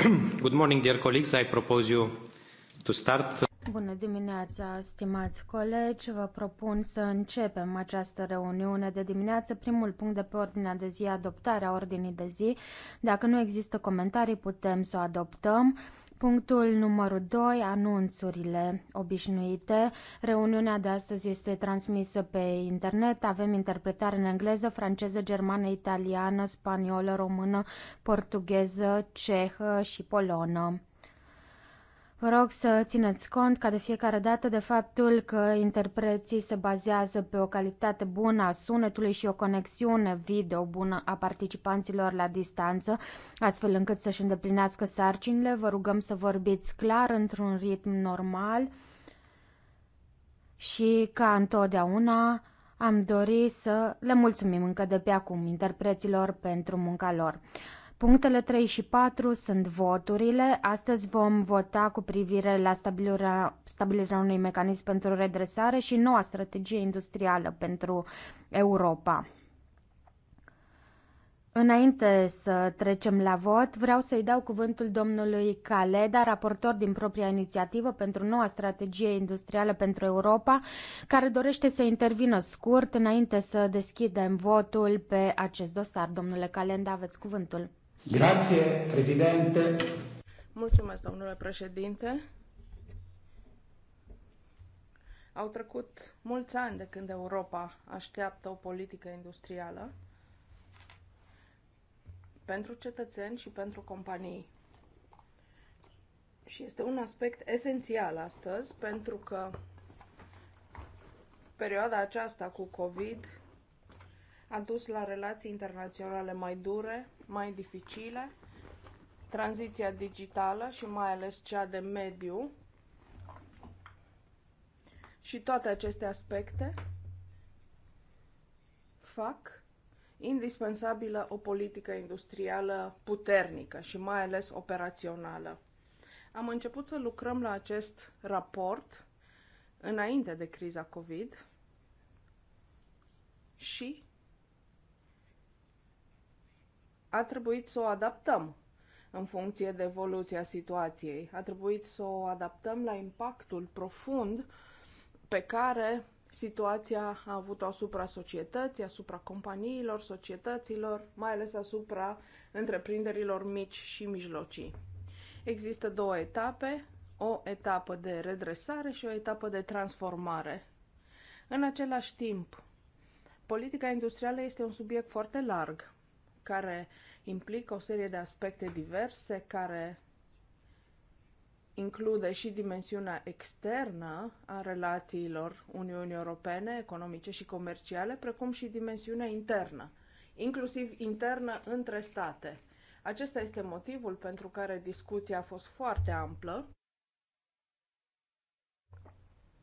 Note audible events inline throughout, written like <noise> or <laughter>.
<clears throat> Good morning, dear colleagues. I propose you to start. Bună dimineața, stimați colegi. Vă propun să începem această reuniune de dimineață. Primul punct de pe ordinea de zi, adoptarea ordinii de zi. Dacă nu există comentarii, putem să o adoptăm. Punctul numărul 2, anunțurile obișnuite. Reuniunea de astăzi este transmisă pe internet. Avem interpretare în engleză, franceză, germană, italiană, spaniolă, română, portugheză, cehă și polonă. Vă rog să țineți cont ca de fiecare dată de faptul că interpreții se bazează pe o calitate bună a sunetului și o conexiune video bună a participanților la distanță, astfel încât să-și îndeplinească sarcinile. Vă rugăm să vorbiți clar într-un ritm normal și ca întotdeauna am dori să le mulțumim încă de pe acum interpreților pentru munca lor. Punctele 3 și 4 sunt voturile. Astăzi vom vota cu privire la stabilirea, stabilirea unui mecanism pentru redresare și noua strategie industrială pentru Europa. Înainte să trecem la vot, vreau să-i dau cuvântul domnului Caleda, raportor din propria inițiativă pentru noua strategie industrială pentru Europa, care dorește să intervină scurt înainte să deschidem votul pe acest dosar. Domnule Calenda, aveți cuvântul. Grazie, Mulțumesc, domnule președinte. Au trecut mulți ani de când Europa așteaptă o politică industrială pentru cetățeni și pentru companii. Și este un aspect esențial astăzi pentru că perioada aceasta cu COVID a dus la relații internaționale mai dure, mai dificile, tranziția digitală și mai ales cea de mediu și toate aceste aspecte fac indispensabilă o politică industrială puternică și mai ales operațională. Am început să lucrăm la acest raport înainte de criza COVID și a trebuit să o adaptăm în funcție de evoluția situației. A trebuit să o adaptăm la impactul profund pe care situația a avut-o asupra societății, asupra companiilor, societăților, mai ales asupra întreprinderilor mici și mijlocii. Există două etape, o etapă de redresare și o etapă de transformare. În același timp, politica industrială este un subiect foarte larg care implică o serie de aspecte diverse, care include și dimensiunea externă a relațiilor Uniunii Europene, economice și comerciale, precum și dimensiunea internă, inclusiv internă între state. Acesta este motivul pentru care discuția a fost foarte amplă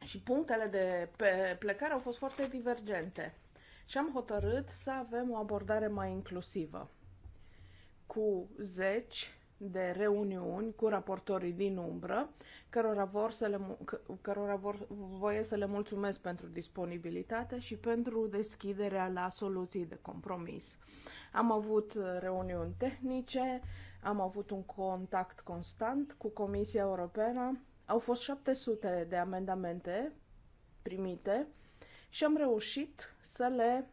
și punctele de plecare au fost foarte divergente și am hotărât să avem o abordare mai inclusivă cu zeci de reuniuni cu raportorii din umbră, cărora, vor să le, cărora vor, voie să le mulțumesc pentru disponibilitate și pentru deschiderea la soluții de compromis. Am avut uh, reuniuni tehnice, am avut un contact constant cu Comisia Europeană, au fost 700 de amendamente primite și am reușit să le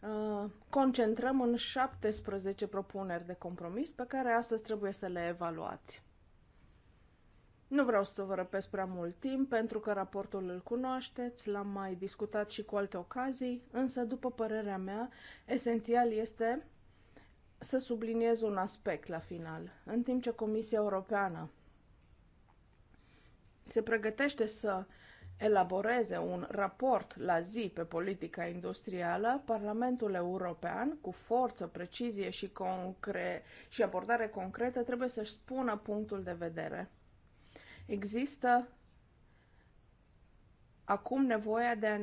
uh, concentrăm în 17 propuneri de compromis pe care astăzi trebuie să le evaluați. Nu vreau să vă răpesc prea mult timp, pentru că raportul îl cunoașteți, l-am mai discutat și cu alte ocazii, însă, după părerea mea, esențial este să subliniez un aspect la final. În timp ce Comisia Europeană se pregătește să uh, elaboreze un raport la zi pe politica industrială, Parlamentul European, cu forță, precizie și, concre- și abordare concretă, trebuie să-și spună punctul de vedere. Există acum nevoia de a,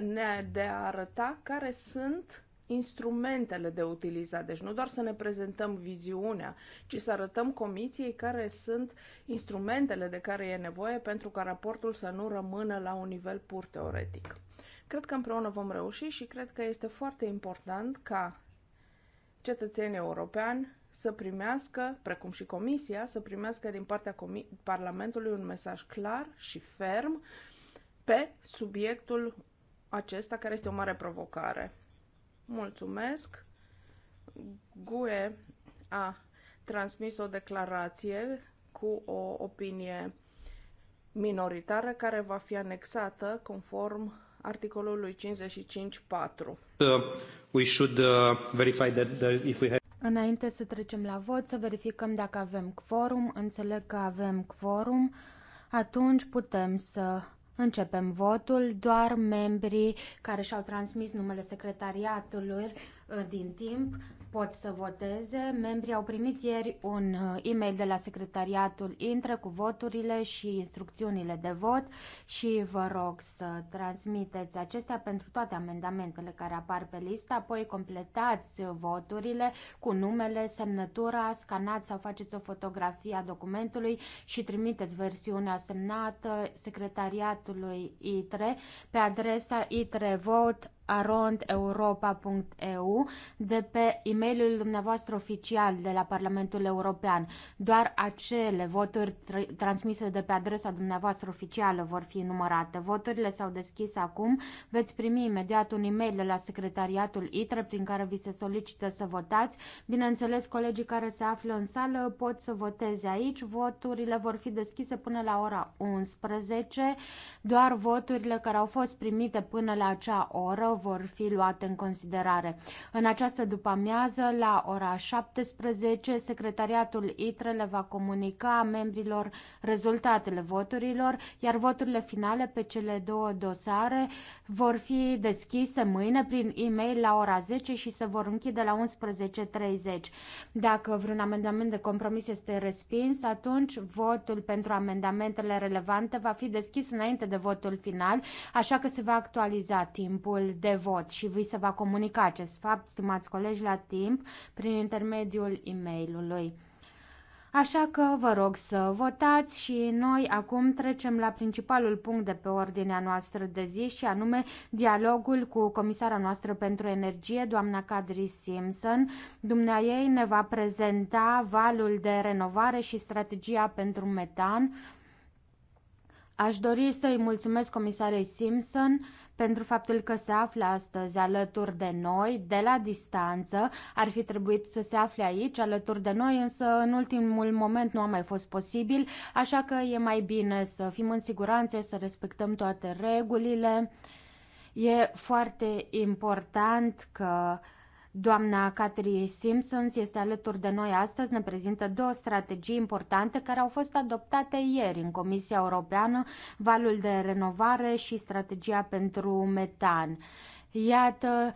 ne, de a arăta care sunt instrumentele de utilizat. Deci nu doar să ne prezentăm viziunea, ci să arătăm comisiei care sunt instrumentele de care e nevoie pentru ca raportul să nu rămână la un nivel pur teoretic. Cred că împreună vom reuși și cred că este foarte important ca cetățenii europeni să primească, precum și Comisia, să primească din partea Parlamentului un mesaj clar și ferm pe subiectul acesta, care este o mare provocare. Mulțumesc. GUE a transmis o declarație cu o opinie minoritară care va fi anexată conform articolului 55.4. Uh, we should uh, verify that if we have... Înainte să trecem la vot, să verificăm dacă avem quorum. Înțeleg că avem quorum. Atunci putem să Începem votul. Doar membrii care și-au transmis numele secretariatului uh, din timp pot să voteze. Membrii au primit ieri un uh, e-mail de la secretariatul Intră cu voturile și instrucțiunile de vot și vă rog să transmiteți acestea pentru toate amendamentele care apar pe listă, apoi completați voturile cu numele, semnătura, scanați sau faceți o fotografie a documentului și trimiteți versiunea semnată secretariatului ITRE pe adresa itrevote arondeuropa.eu de pe e-mailul dumneavoastră oficial de la Parlamentul European. Doar acele voturi tr- transmise de pe adresa dumneavoastră oficială vor fi numărate. Voturile s-au deschis acum. Veți primi imediat un e-mail de la secretariatul ITRE prin care vi se solicită să votați. Bineînțeles, colegii care se află în sală pot să voteze aici. Voturile vor fi deschise până la ora 11. Doar voturile care au fost primite până la acea oră vor fi luate în considerare. În această după-amiază, la ora 17, secretariatul ITRE le va comunica membrilor rezultatele voturilor, iar voturile finale pe cele două dosare vor fi deschise mâine prin e-mail la ora 10 și se vor închide la 11.30. Dacă vreun amendament de compromis este respins, atunci votul pentru amendamentele relevante va fi deschis înainte de votul final, așa că se va actualiza timpul de vot și vi se va comunica acest fapt, stimați colegi, la timp, prin intermediul e -ului. Așa că vă rog să votați și noi acum trecem la principalul punct de pe ordinea noastră de zi și anume dialogul cu comisara noastră pentru energie, doamna Kadri Simpson. Dumnea ei ne va prezenta valul de renovare și strategia pentru metan Aș dori să-i mulțumesc comisarei Simpson pentru faptul că se află astăzi alături de noi, de la distanță. Ar fi trebuit să se afle aici, alături de noi, însă în ultimul moment nu a mai fost posibil, așa că e mai bine să fim în siguranță, să respectăm toate regulile. E foarte important că uh, Doamna Catherine Simpsons este alături de noi astăzi, ne prezintă două strategii importante care au fost adoptate ieri în Comisia Europeană, valul de renovare și strategia pentru metan. Iată,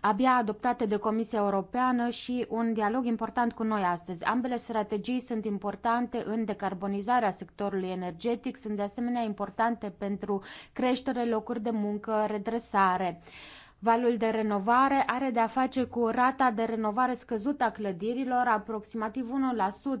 abia adoptate de Comisia Europeană și un dialog important cu noi astăzi. Ambele strategii sunt importante în decarbonizarea sectorului energetic, sunt de asemenea importante pentru creștere, locuri de muncă, redresare. Uh, Valul de renovare are de-a face cu rata de renovare scăzută a clădirilor, aproximativ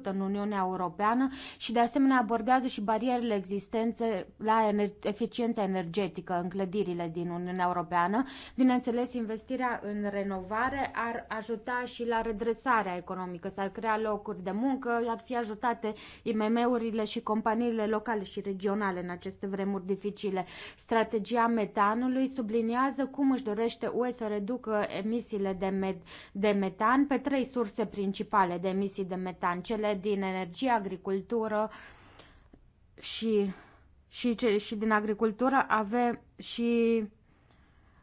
1% în Uniunea Europeană și de asemenea abordează și barierele existențe la ener- eficiența energetică în clădirile din Uniunea Europeană. Bineînțeles, investirea în renovare ar ajuta și la redresarea economică, s-ar crea locuri de muncă, ar fi ajutate IMM-urile și companiile locale și regionale în aceste vremuri dificile. Strategia metanului subliniază cum își dorește dorește UE să reducă emisiile de, med- de metan pe trei surse principale de emisii de metan, cele din energie, agricultură și, și, ce, și din agricultură avem și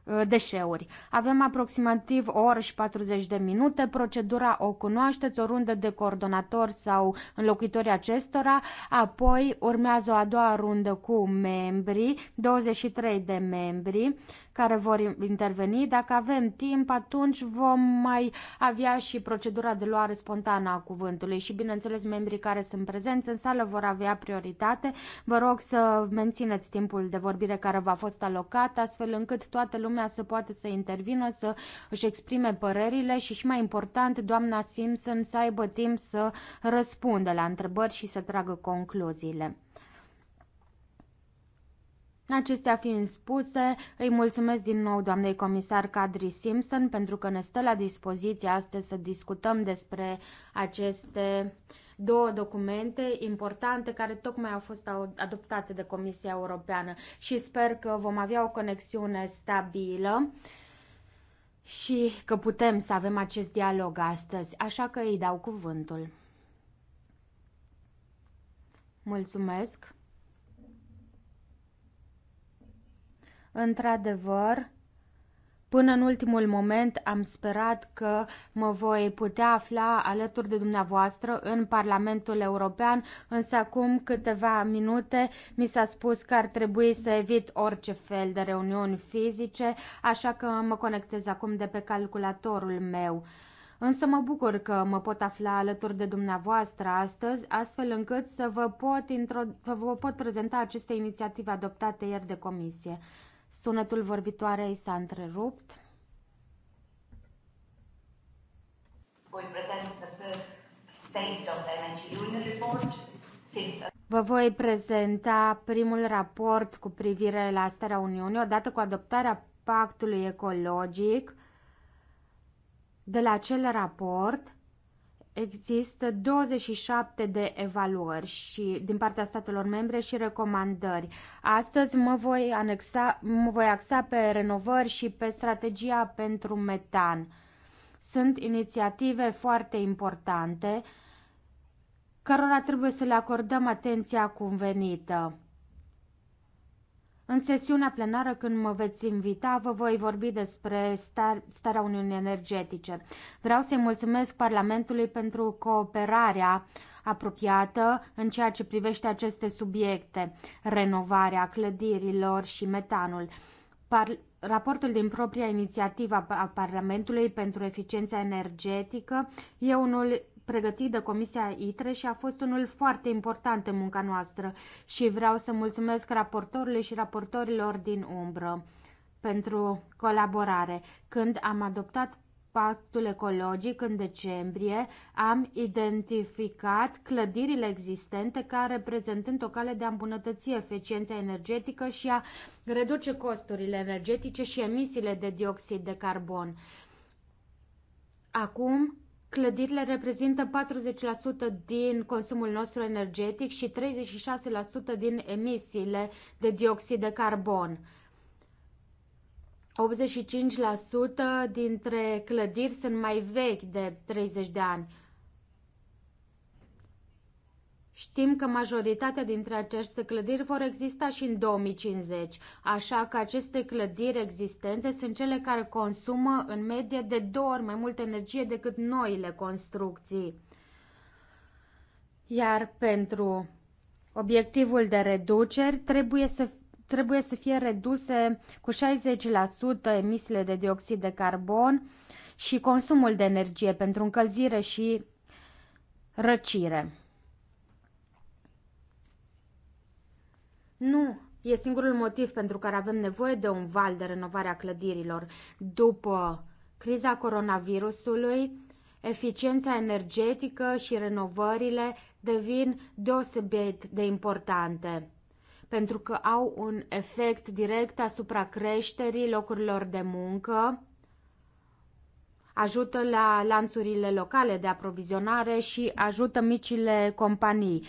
ă, deșeuri. Avem aproximativ o oră și 40 de minute, procedura o cunoașteți, o rundă de coordonatori sau înlocuitorii acestora, apoi urmează o a doua rundă cu membrii, 23 de membri, care vor interveni. Dacă avem timp, atunci vom mai avea și procedura de luare spontană a cuvântului și, bineînțeles, membrii care sunt prezenți în sală vor avea prioritate. Vă rog să mențineți timpul de vorbire care v-a fost alocat, astfel încât toată lumea să poată să intervină, să își exprime părerile și, și mai important, doamna Simpson să aibă timp să răspundă la întrebări și să tragă concluziile. Acestea fiind spuse, îi mulțumesc din nou doamnei comisar Kadri Simpson pentru că ne stă la dispoziție astăzi să discutăm despre aceste două documente importante care tocmai au fost adoptate de Comisia Europeană și sper că vom avea o conexiune stabilă și că putem să avem acest dialog astăzi, așa că îi dau cuvântul. Mulțumesc! Într-adevăr, Până în ultimul moment am sperat că mă voi putea afla alături de dumneavoastră în Parlamentul European, însă acum câteva minute mi s-a spus că ar trebui să evit orice fel de reuniuni fizice, așa că mă conectez acum de pe calculatorul meu. Însă mă bucur că mă pot afla alături de dumneavoastră astăzi, astfel încât să vă pot, intro- vă pot prezenta aceste inițiative adoptate ieri de comisie. Sunetul vorbitoarei s-a întrerupt. Vă voi prezenta primul raport cu privire la starea Uniunii odată cu adoptarea pactului ecologic. De la acel raport există 27 de evaluări și din partea statelor membre și recomandări. Astăzi mă voi, anexa, mă voi axa pe renovări și pe strategia pentru metan. Sunt inițiative foarte importante cărora trebuie să le acordăm atenția cuvenită. În sesiunea plenară, când mă veți invita, vă voi vorbi despre star, starea Uniunii Energetice. Vreau să-i mulțumesc Parlamentului pentru cooperarea apropiată în ceea ce privește aceste subiecte, renovarea clădirilor și metanul. Par- raportul din propria inițiativă a Parlamentului pentru eficiența energetică e unul pregătit de Comisia ITRE și a fost unul foarte important în munca noastră și vreau să mulțumesc raportorului și raportorilor din umbră pentru colaborare. Când am adoptat pactul ecologic în decembrie, am identificat clădirile existente ca reprezentând o cale de a îmbunătăți eficiența energetică și a reduce costurile energetice și emisiile de dioxid de carbon. Acum Clădirile reprezintă 40% din consumul nostru energetic și 36% din emisiile de dioxid de carbon. 85% dintre clădiri sunt mai vechi de 30 de ani. Știm că majoritatea dintre aceste clădiri vor exista și în 2050, așa că aceste clădiri existente sunt cele care consumă în medie de două ori mai multă energie decât noile construcții. Iar pentru obiectivul de reduceri trebuie să trebuie să fie reduse cu 60% emisiile de dioxid de carbon și consumul de energie pentru încălzire și răcire. Nu e singurul motiv pentru care avem nevoie de un val de renovare a clădirilor. După criza coronavirusului, eficiența energetică și renovările devin deosebit de importante pentru că au un efect direct asupra creșterii locurilor de muncă, ajută la lanțurile locale de aprovizionare și ajută micile companii.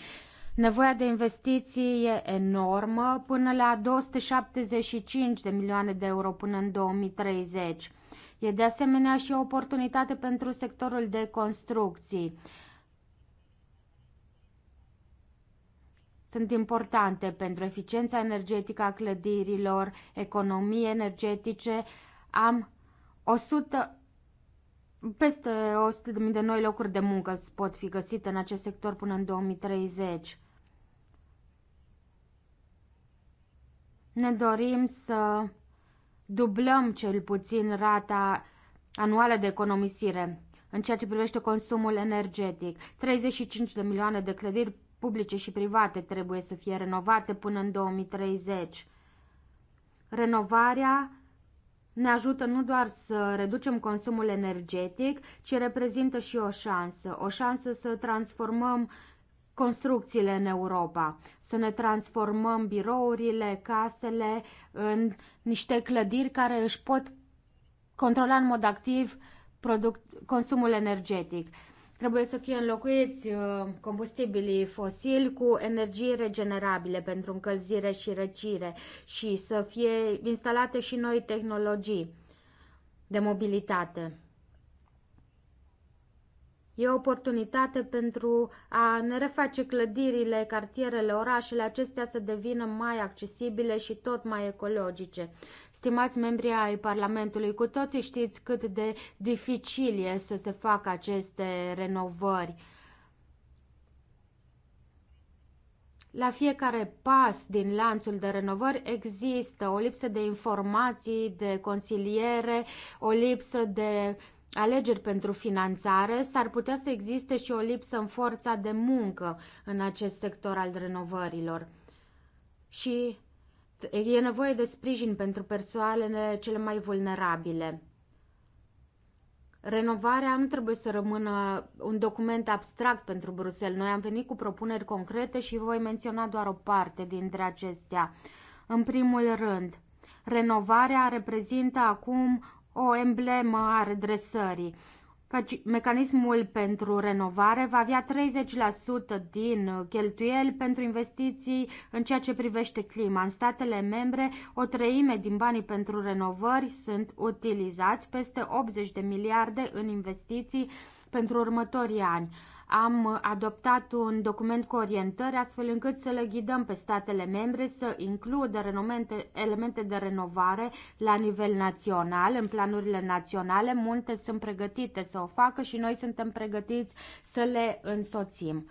Nevoia de investiții e enormă, până la 275 de milioane de euro până în 2030. E de asemenea și o oportunitate pentru sectorul de construcții. Sunt importante pentru eficiența energetică a clădirilor, economie energetice. Am 100, peste 100.000 de noi locuri de muncă pot fi găsite în acest sector până în 2030. Ne dorim să dublăm cel puțin rata anuală de economisire în ceea ce privește consumul energetic. 35 de milioane de clădiri publice și private trebuie să fie renovate până în 2030. Renovarea ne ajută nu doar să reducem consumul energetic, ci reprezintă și o șansă, o șansă să transformăm construcțiile în Europa, să ne transformăm birourile, casele în niște clădiri care își pot controla în mod activ product, consumul energetic. Trebuie să fie înlocuiți uh, combustibilii fosili cu energii regenerabile pentru încălzire și răcire și să fie instalate și noi tehnologii de mobilitate. E o oportunitate pentru a ne reface clădirile, cartierele, orașele, acestea să devină mai accesibile și tot mai ecologice. Stimați membri ai Parlamentului, cu toții știți cât de dificil e să se facă aceste renovări. La fiecare pas din lanțul de renovări există o lipsă de informații, de consiliere, o lipsă de uh, alegeri pentru finanțare, s-ar putea să existe și o lipsă în forța de muncă în acest sector al renovărilor. Și e nevoie de sprijin pentru persoanele cele mai vulnerabile. Renovarea nu trebuie să rămână un document abstract pentru Bruxelles. Noi am venit cu propuneri concrete și voi menționa doar o parte dintre acestea. În primul rând, renovarea reprezintă acum o emblemă a redresării. Mecanismul pentru renovare va avea 30% din cheltuieli pentru investiții în ceea ce privește clima. În statele membre, o treime din banii pentru renovări sunt utilizați, peste 80 de miliarde în investiții pentru următorii ani. Am adoptat un document cu orientări astfel încât să le ghidăm pe statele membre să includă renomente, elemente de renovare la nivel național, în planurile naționale. Multe sunt pregătite să o facă și noi suntem pregătiți să le însoțim.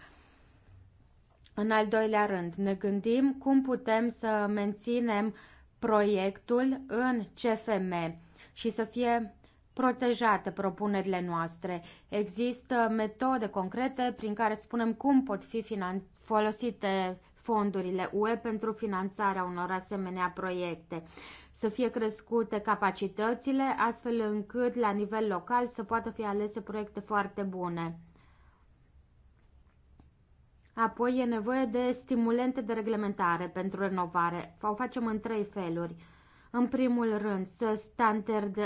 În al doilea rând, ne gândim cum putem să menținem proiectul în CFM și să fie protejate propunerile noastre. Există metode concrete prin care spunem cum pot fi folosite fondurile UE pentru finanțarea unor asemenea proiecte. Să fie crescute capacitățile, astfel încât la nivel local să poată fi alese proiecte foarte bune. Apoi e nevoie de stimulente de reglementare pentru renovare. O facem în trei feluri. În primul rând, să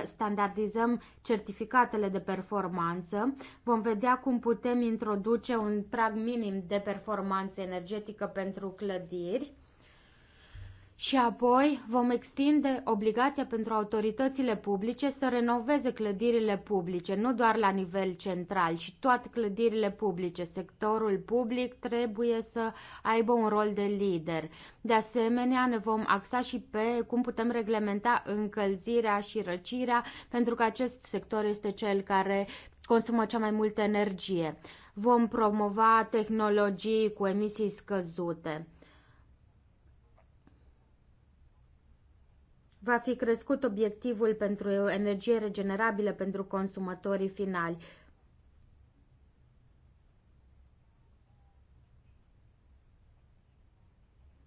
standardizăm certificatele de performanță. Vom vedea cum putem introduce un prag minim de performanță energetică pentru clădiri și apoi vom extinde obligația pentru autoritățile publice să renoveze clădirile publice, nu doar la nivel central, ci toate clădirile publice. Sectorul public trebuie să aibă un rol de lider. De asemenea, ne vom axa și pe cum putem reglementa încălzirea și răcirea, pentru că acest sector este cel care consumă cea mai multă energie. Vom promova tehnologii cu emisii scăzute. va fi crescut obiectivul pentru energie regenerabilă pentru consumatorii finali.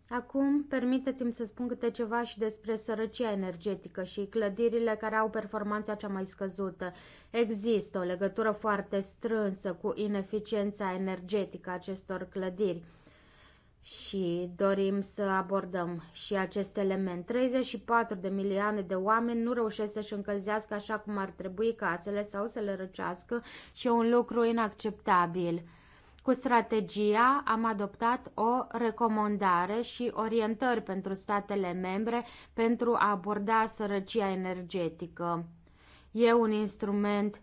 Acum, permiteți-mi să spun câte ceva și despre sărăcia energetică și clădirile care au performanța cea mai scăzută. Există o legătură foarte strânsă cu ineficiența energetică a acestor clădiri și dorim să abordăm și acest element. 34 de milioane de oameni nu reușesc să-și încălzească așa cum ar trebui casele sau să le răcească și e un lucru inacceptabil. Cu strategia am adoptat o recomandare și orientări pentru statele membre pentru a aborda sărăcia energetică. E un instrument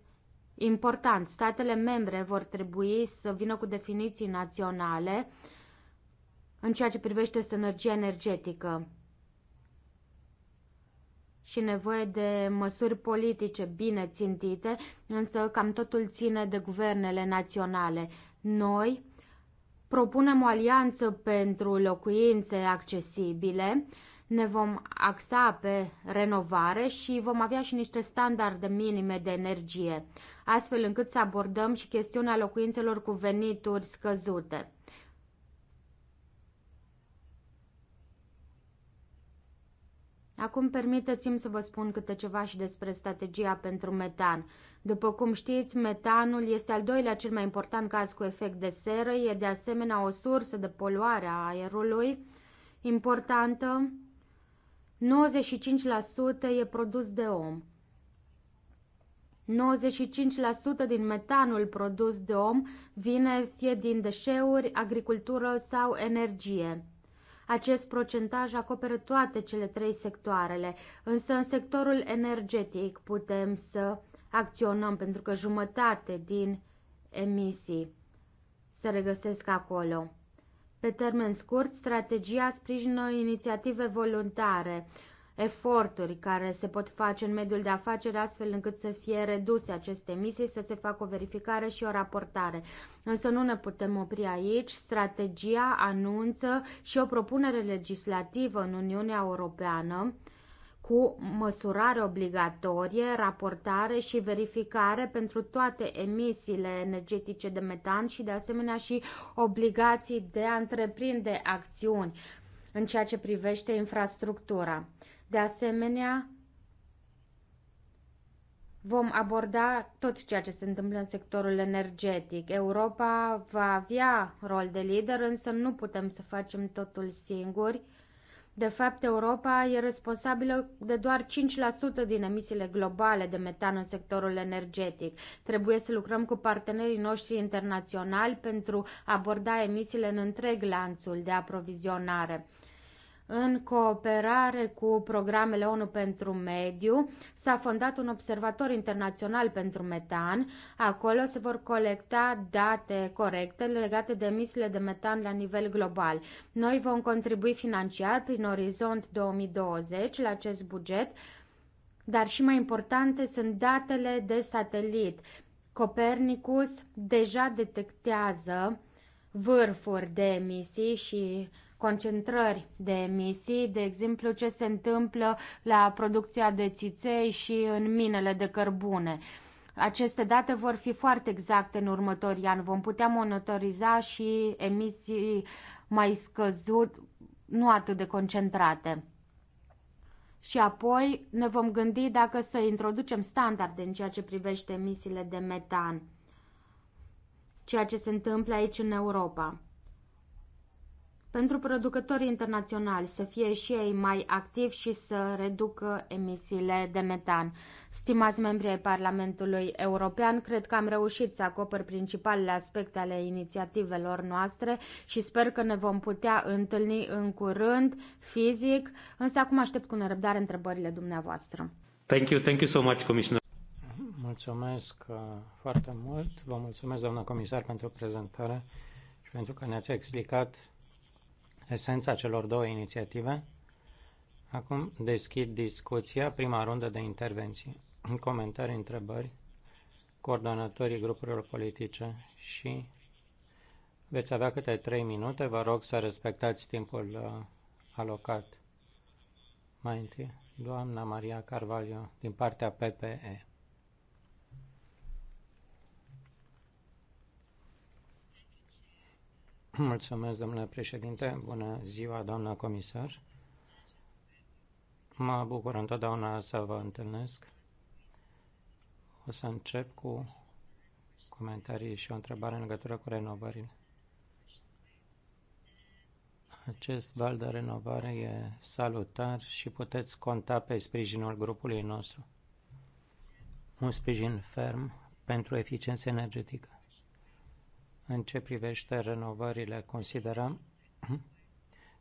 important. Statele membre vor trebui să vină cu definiții naționale în ceea ce privește sănărgia energetică și nevoie de măsuri politice bine țintite, însă cam totul ține de guvernele naționale. Noi propunem o alianță pentru locuințe accesibile, ne vom axa pe renovare și vom avea și niște standarde minime de energie, astfel încât să abordăm și chestiunea locuințelor cu venituri scăzute. Acum permiteți-mi să vă spun câte ceva și despre strategia pentru metan. După cum știți, metanul este al doilea cel mai important caz cu efect de seră, e de asemenea o sursă de poluare a aerului importantă. 95% e produs de om. 95% din metanul produs de om vine fie din deșeuri, agricultură sau energie. Acest procentaj acoperă toate cele trei sectoarele, însă în sectorul energetic putem să acționăm pentru că jumătate din emisii se regăsesc acolo. Pe termen scurt, strategia sprijină inițiative voluntare, eforturi care se pot face în mediul de afaceri astfel încât să fie reduse aceste emisii, să se facă o verificare și o raportare. Însă nu ne putem opri aici. Strategia anunță și o propunere legislativă în Uniunea Europeană cu măsurare obligatorie, raportare și verificare pentru toate emisiile energetice de metan și de asemenea și obligații de a întreprinde acțiuni în ceea ce privește infrastructura. De asemenea, vom aborda tot ceea ce se întâmplă în sectorul energetic. Europa va avea rol de lider, însă nu putem să facem totul singuri. De fapt, Europa e responsabilă de doar 5% din emisiile globale de metan în sectorul energetic. Trebuie să lucrăm cu partenerii noștri internaționali pentru a aborda emisiile în întreg lanțul de aprovizionare în cooperare cu programele ONU pentru mediu, s-a fondat un observator internațional pentru metan. Acolo se vor colecta date corecte legate de emisiile de metan la nivel global. Noi vom contribui financiar prin Orizont 2020 la acest buget, dar și mai importante sunt datele de satelit. Copernicus deja detectează vârfuri de emisii și concentrări de emisii, de exemplu ce se întâmplă la producția de țiței și în minele de cărbune. Aceste date vor fi foarte exacte în următorii ani. Vom putea monitoriza și emisii mai scăzut, nu atât de concentrate. Și apoi ne vom gândi dacă să introducem standarde în ceea ce privește emisiile de metan, ceea ce se întâmplă aici în Europa pentru producătorii internaționali să fie și ei mai activi și să reducă emisiile de metan. Stimați membri ai Parlamentului European, cred că am reușit să acopăr principalele aspecte ale inițiativelor noastre și sper că ne vom putea întâlni în curând, fizic, însă acum aștept cu nerăbdare întrebările dumneavoastră. Thank you, thank you so much, Commissioner. Mulțumesc uh, foarte mult. Vă mulțumesc, doamna comisar, pentru prezentare și pentru că ne-ați explicat esența celor două inițiative. Acum deschid discuția, prima rundă de intervenții, <clears throat> comentarii, întrebări, coordonatorii grupurilor politice și veți avea câte trei minute. Vă rog să respectați timpul uh, alocat. Mai întâi, doamna Maria Carvalho, din partea PPE. Mulțumesc, domnule președinte. Bună ziua, doamna comisar. Mă bucur întotdeauna să vă întâlnesc. O să încep cu comentarii și o întrebare în legătură cu renovările. Acest val de renovare e salutar și puteți conta pe sprijinul grupului nostru. Un sprijin ferm pentru eficiență energetică. În ce privește renovările, considerăm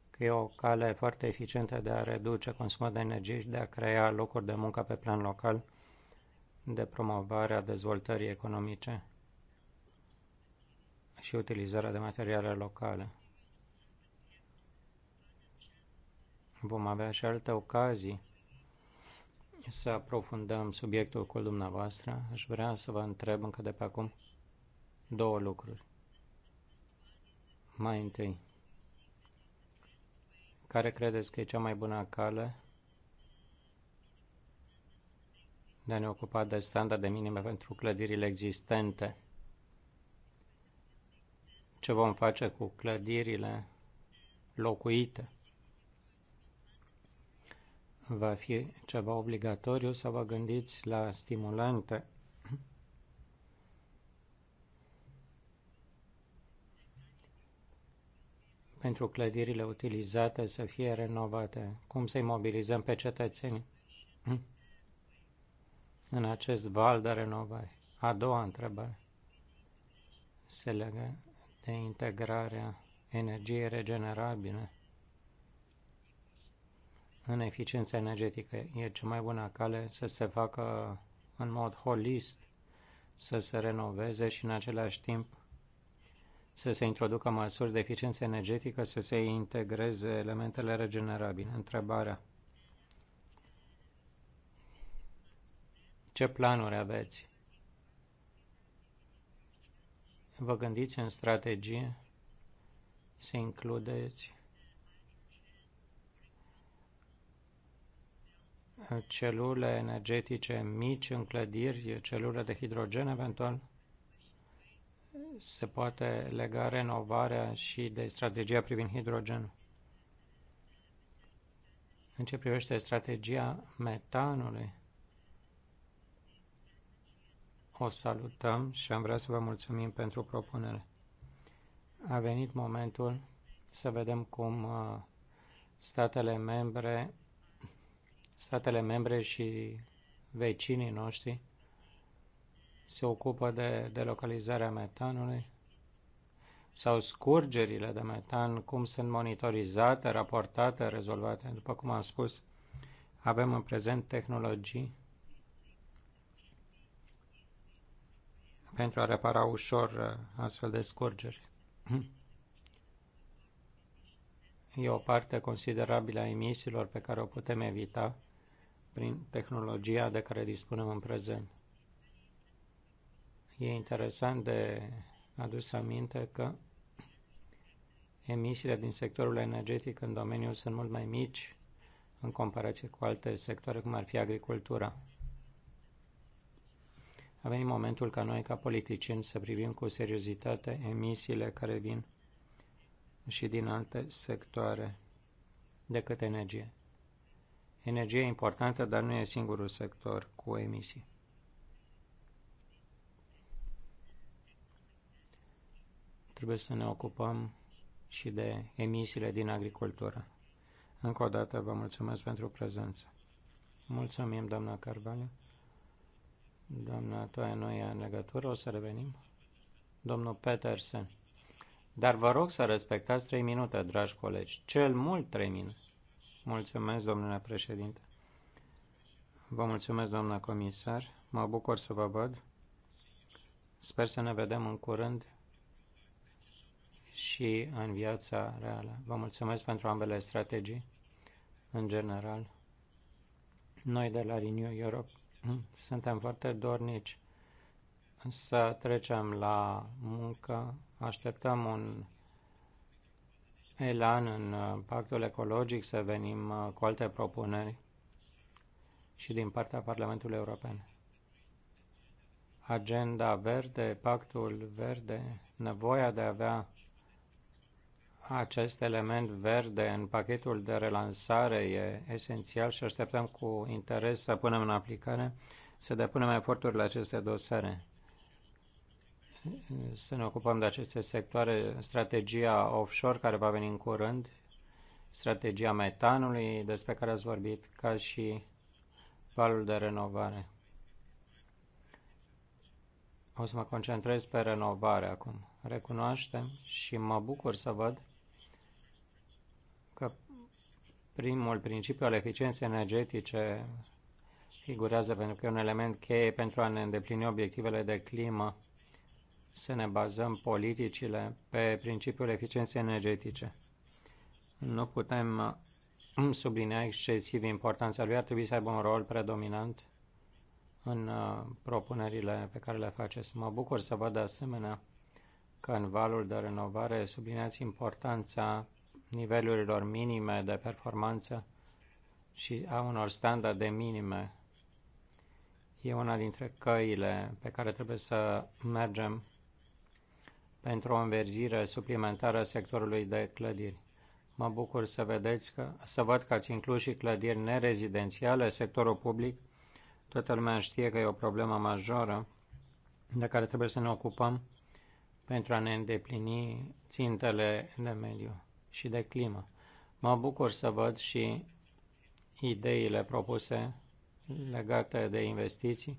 că e o cale foarte eficientă de a reduce consumul de energie și de a crea locuri de muncă pe plan local, de promovare a dezvoltării economice și utilizarea de materiale locale. Vom avea și alte ocazii să aprofundăm subiectul cu dumneavoastră. Aș vrea să vă întreb încă de pe acum două lucruri mai întâi. Care credeți că e cea mai bună cale de a ne ocupa de standarde minime pentru clădirile existente? Ce vom face cu clădirile locuite? Va fi ceva obligatoriu sau vă gândiți la stimulante pentru clădirile utilizate să fie renovate? Cum să-i mobilizăm pe cetățeni hm? în acest val de renovare? A doua întrebare se legă de integrarea energiei regenerabile în eficiența energetică. E cea mai bună cale să se facă în mod holist, să se renoveze și în același timp să se introducă măsuri de eficiență energetică, să se integreze elementele regenerabile. Întrebarea. Ce planuri aveți? Vă gândiți în strategie să includeți celule energetice mici în clădiri, celule de hidrogen eventual? se poate lega renovarea și de strategia privind hidrogenul. În ce privește strategia metanului, o salutăm și am vrea să vă mulțumim pentru propunere. A venit momentul să vedem cum uh, statele membre, statele membre și vecinii noștri se ocupă de de localizarea metanului sau scurgerile de metan, cum sunt monitorizate, raportate, rezolvate. După cum am spus, avem în prezent tehnologii pentru a repara ușor uh, astfel de scurgeri. E o parte considerabilă a emisiilor pe care o putem evita prin tehnologia de care dispunem în prezent. E interesant de adus aminte că emisiile din sectorul energetic în domeniu sunt mult mai mici în comparație cu alte sectoare, cum ar fi agricultura. A venit momentul ca noi, ca politicieni, să privim cu seriozitate emisiile care vin și din alte sectoare decât energie. Energie e importantă, dar nu e singurul sector cu emisii. trebuie să ne ocupăm și de emisiile din agricultură. Încă o dată vă mulțumesc pentru prezență. Mulțumim, doamna Carvalho. Doamna Toia nu e în legătură, o să revenim. Domnul Petersen. Dar vă rog să respectați trei minute, dragi colegi. Cel mult trei minute. Mulțumesc, domnule președinte. Vă mulțumesc, doamna comisar. Mă bucur să vă văd. Sper să ne vedem în curând și în viața reală. Vă mulțumesc pentru ambele strategii, în general. Noi de la Renew Europe <clears throat> suntem foarte dornici să trecem la muncă. Așteptăm un elan în uh, pactul ecologic să venim uh, cu alte propuneri și din partea Parlamentului European. Agenda verde, pactul verde, nevoia de a avea acest element verde în pachetul de relansare e esențial și așteptăm cu interes să punem în aplicare, să depunem eforturi la aceste dosare. Să ne ocupăm de aceste sectoare, strategia offshore care va veni în curând, strategia metanului despre care ați vorbit, ca și valul de renovare. O să mă concentrez pe renovare acum. Recunoaștem și mă bucur să văd Primul principiu al eficienței energetice figurează pentru că e un element cheie pentru a ne îndeplini obiectivele de climă, să ne bazăm politicile pe principiul eficienței energetice. Nu putem mm, sublinea excesiv importanța lui, ar trebui să aibă un rol predominant în uh, propunerile pe care le faceți. Mă bucur să văd de asemenea că în valul de renovare subliniați importanța nivelurilor minime de performanță și a unor standarde minime. E una dintre căile pe care trebuie să mergem pentru o înverzire suplimentară a sectorului de clădiri. Mă bucur să vedeți că, să văd că ați inclus și clădiri nerezidențiale, sectorul public. Toată lumea știe că e o problemă majoră de care trebuie să ne ocupăm pentru a ne îndeplini țintele de mediu și de climă. Mă bucur să văd și ideile propuse legate de investiții.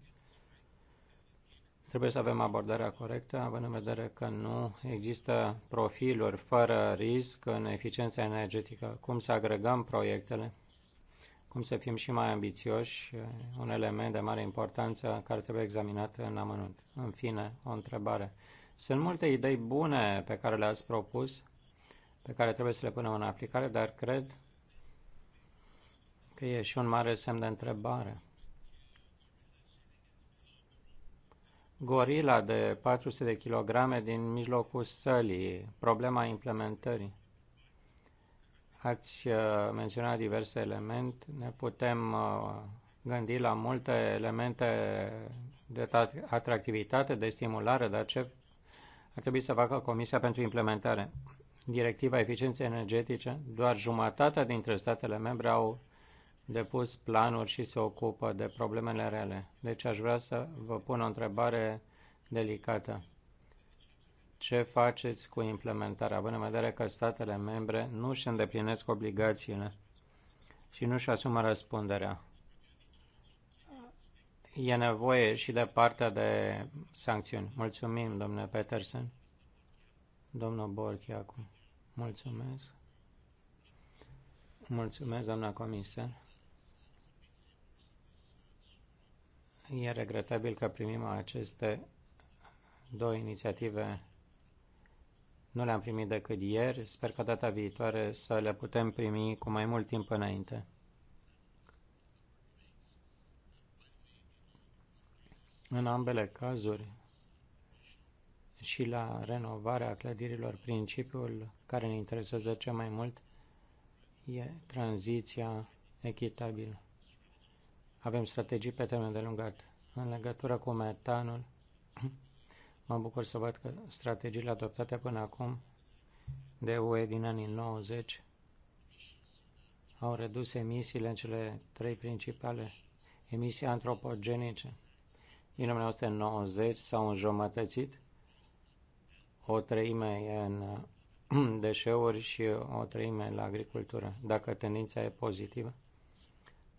Trebuie să avem abordarea corectă, având în vedere că nu există profiluri fără risc în eficiența energetică. Cum să agregăm proiectele, cum să fim și mai ambițioși, un element de mare importanță care trebuie examinat în amănunt. În fine, o întrebare. Sunt multe idei bune pe care le-ați propus, pe care trebuie să le punem în aplicare, dar cred că e și un mare semn de întrebare. Gorila de 400 de kilograme din mijlocul sălii, problema implementării. Ați uh, menționat diverse elemente, ne putem uh, gândi la multe elemente de atractivitate, de stimulare, dar ce ar trebui să facă Comisia pentru implementare? directiva eficienței energetice, doar jumătatea dintre statele membre au depus planuri și se ocupă de problemele reale. Deci aș vrea să vă pun o întrebare delicată. Ce faceți cu implementarea, având în vedere că statele membre nu își îndeplinesc obligațiile și nu își asumă răspunderea? E nevoie și de partea de sancțiuni. Mulțumim, domnule Peterson. Domnul Borchiacu, Mulțumesc. Mulțumesc, doamna comisar. E regretabil că primim aceste două inițiative. Nu le-am primit decât ieri. Sper că data viitoare să le putem primi cu mai mult timp înainte. În ambele cazuri, și la renovarea clădirilor, principiul care ne interesează cel mai mult e tranziția echitabilă. Avem strategii pe termen de lungat. În legătură cu metanul, <clears throat> mă bucur să văd că strategiile adoptate până acum de UE din anii 90 au redus emisiile în cele trei principale emisii antropogenice. Din 1990 s-au înjumătățit o treime în <clears throat> deșeuri și o treime la agricultură. Dacă tendința e pozitivă,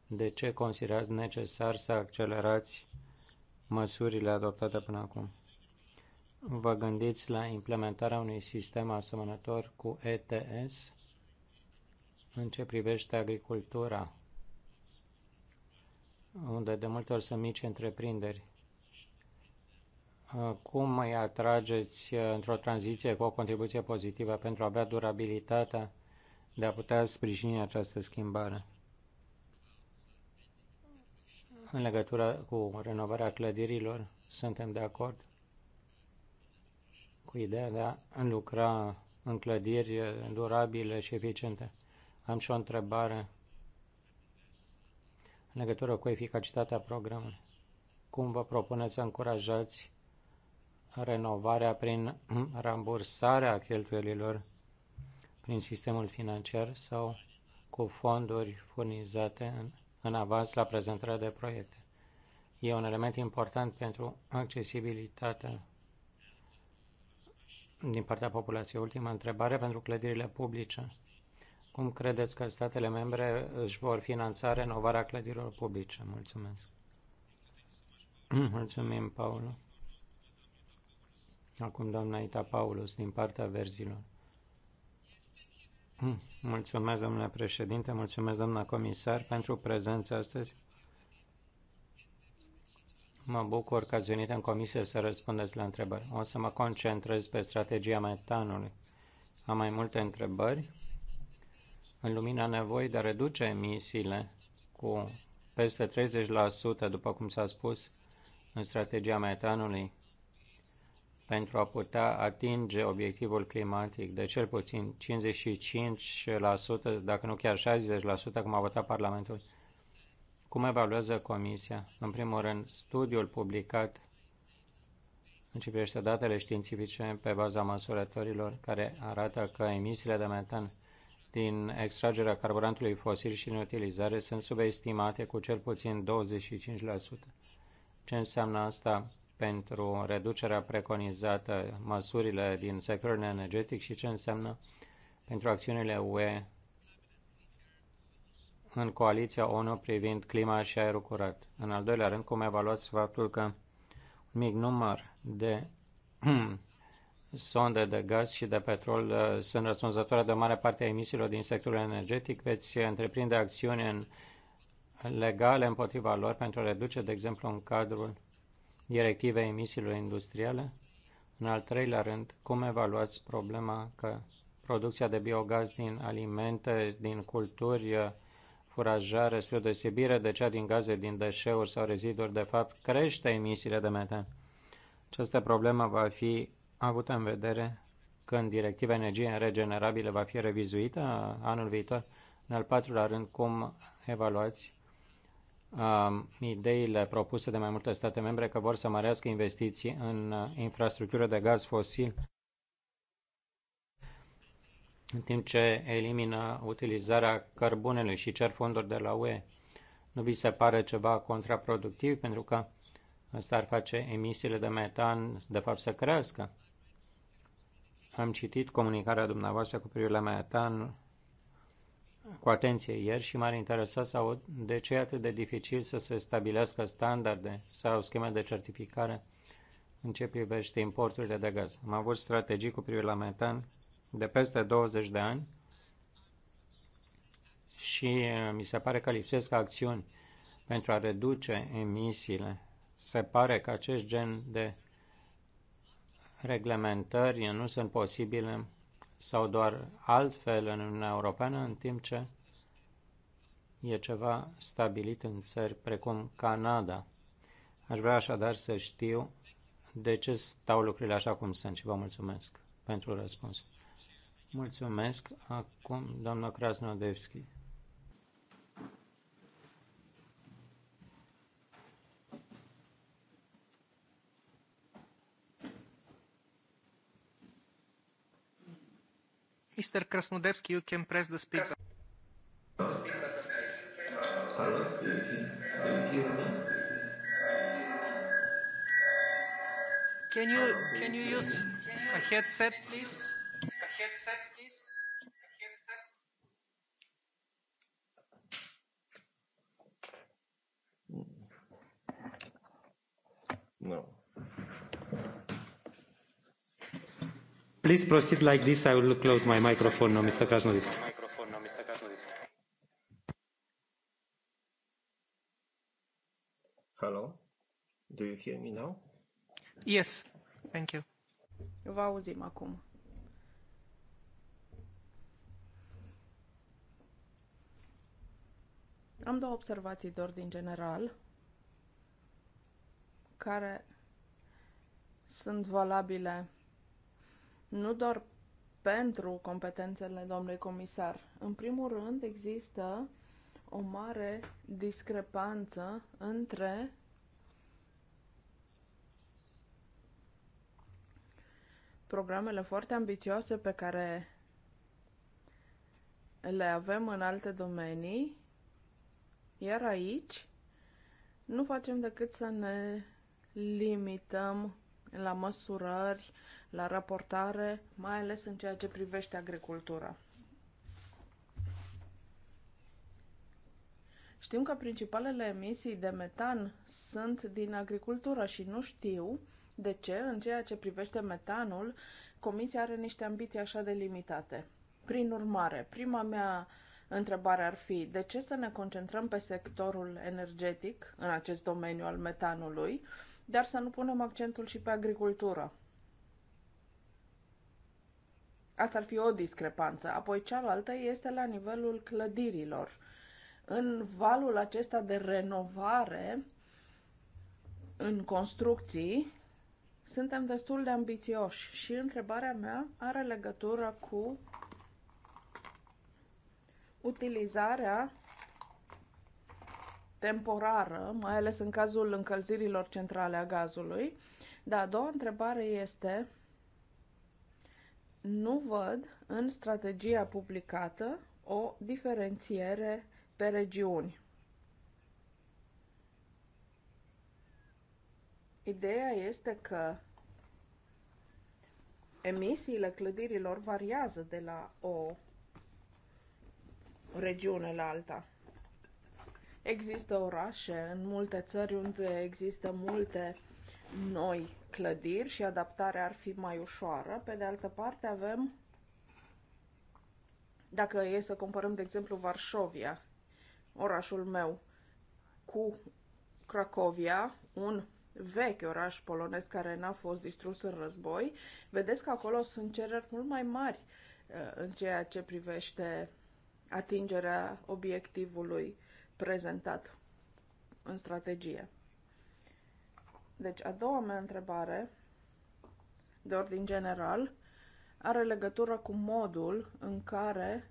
de ce considerați necesar să accelerați măsurile adoptate până acum? Vă gândiți la implementarea unui sistem asemănător cu ETS în ce privește agricultura, unde de multe ori sunt mici întreprinderi cum îi atrageți uh, într-o tranziție cu o contribuție pozitivă pentru a avea durabilitatea de a putea sprijini această schimbare? În legătură cu renovarea clădirilor, suntem de acord cu ideea de a lucra în clădiri uh, durabile și eficiente. Am și o întrebare în legătură cu eficacitatea programului. Cum vă propuneți să încurajați renovarea prin rambursarea cheltuielilor prin sistemul financiar sau cu fonduri furnizate în, în avans la prezentarea de proiecte. E un element important pentru accesibilitatea din partea populației. Ultima întrebare pentru clădirile publice. Cum credeți că statele membre își vor finanța renovarea clădirilor publice? Mulțumesc. <clears throat> Mulțumim, Paul. Acum doamna Ita Paulus din partea verzilor. Hmm, mulțumesc, domnule președinte, mulțumesc, doamna comisar, pentru prezența astăzi. Mă bucur că ați venit în comisie să răspundeți la întrebări. O să mă concentrez pe strategia metanului. Am mai multe întrebări. În lumina nevoii de a reduce emisiile cu peste 30%, după cum s-a spus, în strategia metanului pentru a putea atinge obiectivul climatic de cel puțin 55%, dacă nu chiar 60%, cum a votat Parlamentul. Cum evaluează Comisia? În primul rând, studiul publicat în ce privește datele științifice pe baza măsurătorilor care arată că emisiile de metan din extragerea carburantului fosil și din utilizare sunt subestimate cu cel puțin 25%. Ce înseamnă asta pentru reducerea preconizată, măsurile din sectorul energetic și ce înseamnă pentru acțiunile UE în coaliția ONU privind clima și aerul curat. În al doilea rând, cum evaluați faptul că un mic număr de <clears throat> sonde de gaz și de petrol uh, sunt răspunzătoare de o mare parte a emisiilor din sectorul energetic, veți întreprinde acțiuni în legale împotriva lor pentru a reduce, de exemplu, în cadrul directivei emisiilor industriale? În al treilea rând, cum evaluați problema că producția de biogaz din alimente, din culturi, furajare, spre deosebire de cea din gaze din deșeuri sau reziduri, de fapt, crește emisiile de metan. Această problemă va fi avută în vedere când directiva energiei regenerabile va fi revizuită anul viitor. În al patrulea rând, cum evaluați uh, ideile propuse de mai multe state membre că vor să mărească investiții în uh, infrastructură de gaz fosil, în timp ce elimină utilizarea cărbunelui și cer fonduri de la UE. Nu vi se pare ceva contraproductiv pentru că asta ar face emisiile de metan de fapt să crească? Am citit comunicarea dumneavoastră cu privire la metan cu atenție ieri și m-ar interesa să aud de ce e atât de dificil să se stabilească standarde sau scheme de certificare în ce privește importurile de gaz. Am avut strategii cu privire la metan de peste 20 de ani și uh, mi se pare că lipsesc acțiuni pentru a reduce emisiile. Se pare că acest gen de reglementări nu sunt posibile sau doar altfel în Uniunea Europeană, în timp ce e ceva stabilit în țări precum Canada. Aș vrea așadar să știu de ce stau lucrurile așa cum sunt și vă mulțumesc pentru răspuns. Mulțumesc. Acum, doamna Krasnodevski. Mr. Krasnodebski, you can press the speaker. Hello, do you, Can you can you use a headset, please? A headset, please. A headset. No. Please proceed like this. I will close my microphone now, Mr. Krasnodevski. Hello? Do you hear me now? Yes. Thank you. Vă auzim acum. Am două observații doar ordin general care sunt valabile nu doar pentru competențele domnului comisar. În primul rând, există o mare discrepanță între programele foarte ambițioase pe care le avem în alte domenii, iar aici nu facem decât să ne limităm la măsurări, la raportare, mai ales în ceea ce privește agricultura. Știm că principalele emisii de metan sunt din agricultură și nu știu de ce, în ceea ce privește metanul, Comisia are niște ambiții așa de limitate. Prin urmare, prima mea întrebare ar fi de ce să ne concentrăm pe sectorul energetic în acest domeniu al metanului dar să nu punem accentul și pe agricultură. Asta ar fi o discrepanță. Apoi cealaltă este la nivelul clădirilor. În valul acesta de renovare în construcții, suntem destul de ambițioși și întrebarea mea are legătură cu utilizarea temporară, mai ales în cazul încălzirilor centrale a gazului. Da, a doua întrebare este, nu văd în strategia publicată o diferențiere pe regiuni. Ideea este că emisiile clădirilor variază de la o regiune la alta. Există orașe în multe țări unde există multe noi clădiri și adaptarea ar fi mai ușoară. Pe de altă parte avem, dacă e să comparăm, de exemplu, Varșovia, orașul meu, cu Cracovia, un vechi oraș polonez care n-a fost distrus în război, vedeți că acolo sunt cereri mult mai mari uh, în ceea ce privește atingerea obiectivului prezentat în strategie. Deci, a doua mea întrebare, de ordin general, are legătură cu modul în care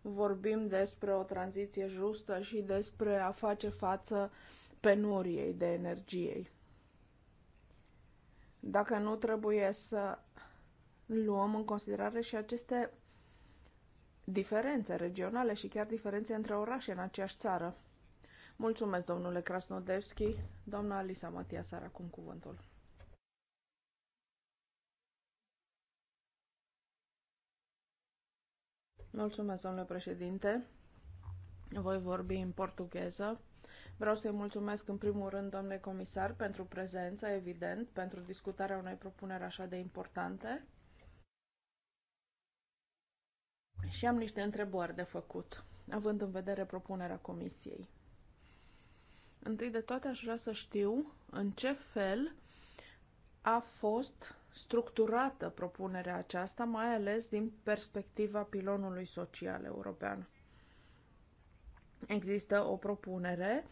vorbim despre o tranziție justă și despre a face față penuriei de energiei. Dacă nu trebuie să luăm în considerare și aceste diferențe regionale și chiar diferențe între orașe în aceeași țară. Mulțumesc, domnule Krasnodevski. Doamna Alisa Matias are acum cuvântul. Mulțumesc, domnule președinte. Voi vorbi în portugheză. Vreau să-i mulțumesc în primul rând, domnule comisar, pentru prezența evident, pentru discutarea unei propuneri așa de importante. Și am niște întrebări de făcut, având în vedere propunerea comisiei. Întâi de toate aș vrea să știu în ce fel a fost structurată propunerea aceasta, mai ales din perspectiva pilonului social european. Există o propunere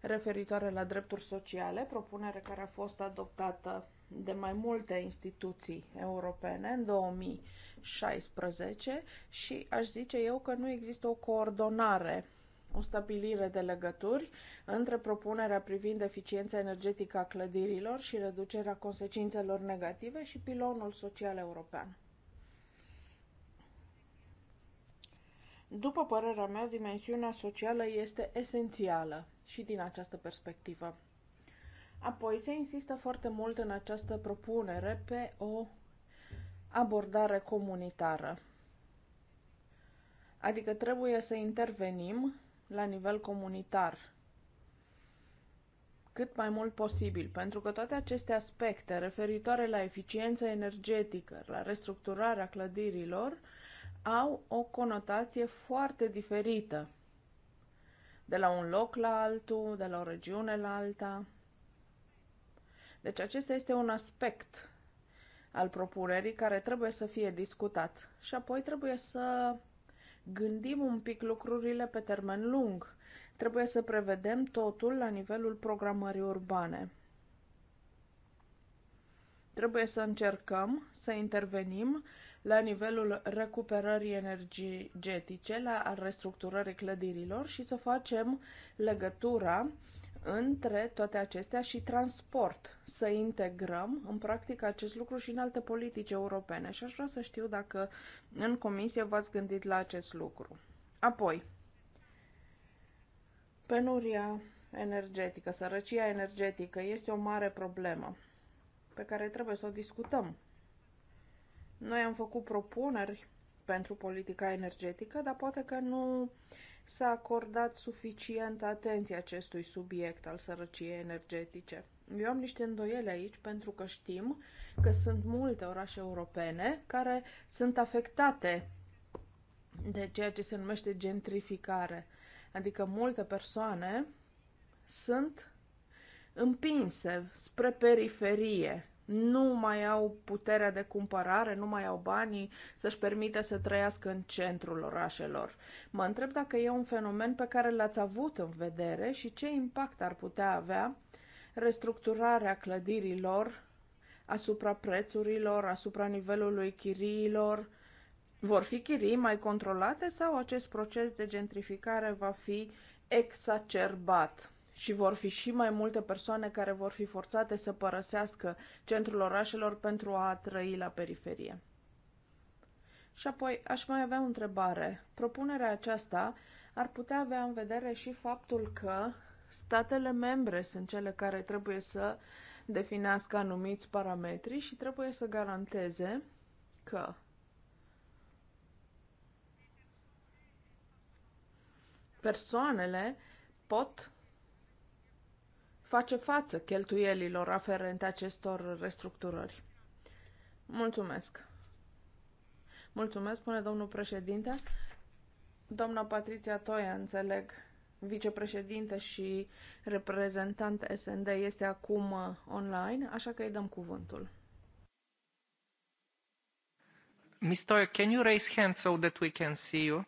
referitoare la drepturi sociale, propunere care a fost adoptată de mai multe instituții europene în 2016 și aș zice eu că nu există o coordonare, o stabilire de legături între propunerea privind eficiența energetică a clădirilor și reducerea consecințelor negative și pilonul social european. După părerea mea, dimensiunea socială este esențială și din această perspectivă. Apoi se insistă foarte mult în această propunere pe o abordare comunitară. Adică trebuie să intervenim la nivel comunitar cât mai mult posibil, pentru că toate aceste aspecte referitoare la eficiența energetică, la restructurarea clădirilor, au o conotație foarte diferită de la un loc la altul, de la o regiune la alta. Deci acesta este un aspect al propunerii care trebuie să fie discutat. Și apoi trebuie să gândim un pic lucrurile pe termen lung. Trebuie să prevedem totul la nivelul programării urbane. Trebuie să încercăm să intervenim la nivelul recuperării energetice, la restructurării clădirilor și să facem legătura între toate acestea și transport, să integrăm în practică acest lucru și în alte politici europene. Și aș vrea să știu dacă în comisie v-ați gândit la acest lucru. Apoi, penuria energetică, sărăcia energetică este o mare problemă pe care trebuie să o discutăm. Noi am făcut propuneri pentru politica energetică, dar poate că nu uh, s-a acordat suficientă atenție acestui subiect al sărăciei energetice. Eu am niște îndoiele aici pentru că știm că sunt multe orașe europene care sunt afectate de ceea ce se numește gentrificare. Adică multe persoane sunt împinse spre periferie nu mai au puterea de cumpărare, nu mai au banii să-și permită să trăiască în centrul orașelor. Mă întreb dacă e un fenomen pe care l-ați avut în vedere și ce impact ar putea avea restructurarea clădirilor asupra prețurilor, asupra nivelului chiriilor. Vor fi chirii mai controlate sau acest proces de gentrificare va fi exacerbat? și vor fi și mai multe persoane care vor fi forțate să părăsească centrul orașelor pentru a trăi la periferie. Și apoi aș mai avea o întrebare. Propunerea aceasta ar putea avea în vedere și faptul că statele membre sunt cele care trebuie să definească anumiți parametri și trebuie să garanteze că persoanele pot face față cheltuielilor aferente acestor restructurări. Mulțumesc. Mulțumesc, spune domnul președinte. Doamna Patriția Toia, înțeleg, vicepreședinte și reprezentant SND, este acum uh, online, așa că îi dăm cuvântul. Mr. can you raise hand so that we can see you?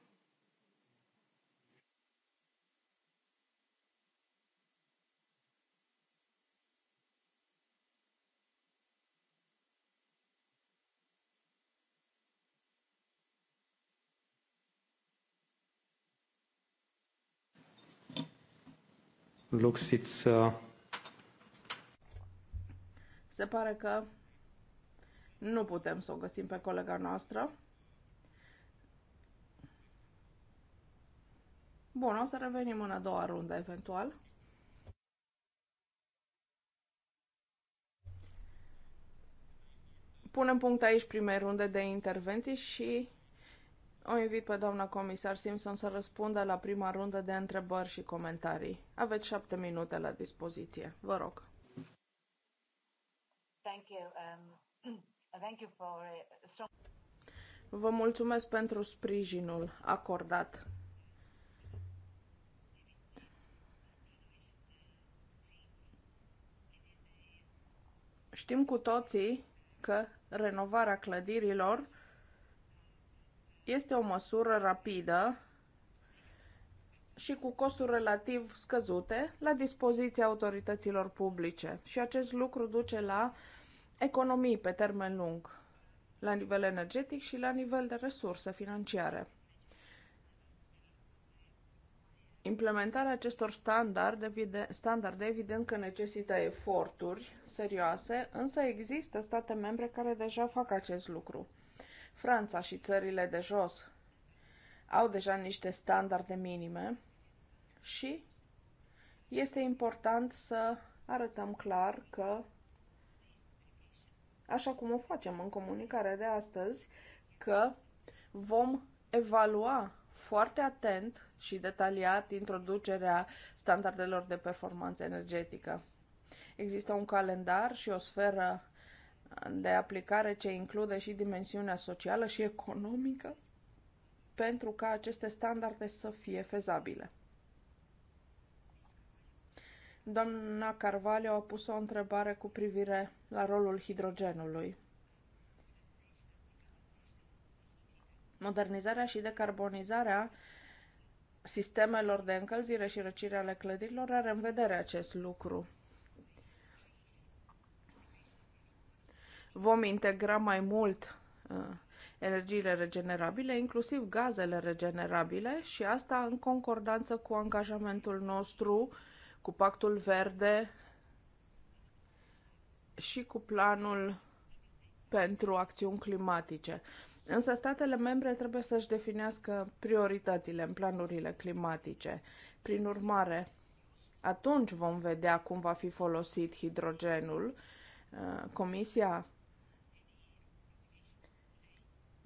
looks it's... Uh... Se pare că nu putem să o găsim pe colega noastră. Bun, o să revenim în a doua rundă, eventual. Punem punct aici primei runde de intervenții și o invit pe doamna comisar Simpson să răspundă la prima rundă de întrebări și comentarii. Aveți șapte minute la dispoziție. Vă rog. Thank you. Um, <clears throat> thank you for strong... Vă mulțumesc pentru sprijinul acordat. Știm cu toții că renovarea clădirilor este o măsură rapidă și cu costuri relativ scăzute la dispoziția autorităților publice și acest lucru duce la economii pe termen lung la nivel energetic și la nivel de resurse financiare. Implementarea acestor standarde, evident, standarde evident că necesită eforturi serioase, însă există state membre care deja fac acest lucru. Franța și țările de jos au deja niște standarde minime și este important să arătăm clar că, așa cum o facem în comunicarea de astăzi, că vom evalua foarte atent și detaliat introducerea standardelor de performanță energetică. Există un calendar și o sferă de aplicare ce include și dimensiunea socială și economică pentru ca aceste standarde să fie fezabile. Doamna Carvalho a pus o întrebare cu privire la rolul hidrogenului. Modernizarea și decarbonizarea sistemelor de încălzire și răcire ale clădirilor are în vedere acest lucru. vom integra mai mult uh, energiile regenerabile, inclusiv gazele regenerabile și asta în concordanță cu angajamentul nostru, cu pactul verde și cu planul pentru acțiuni climatice. Însă statele membre trebuie să-și definească prioritățile în planurile climatice. Prin urmare, atunci vom vedea cum va fi folosit hidrogenul. Uh, Comisia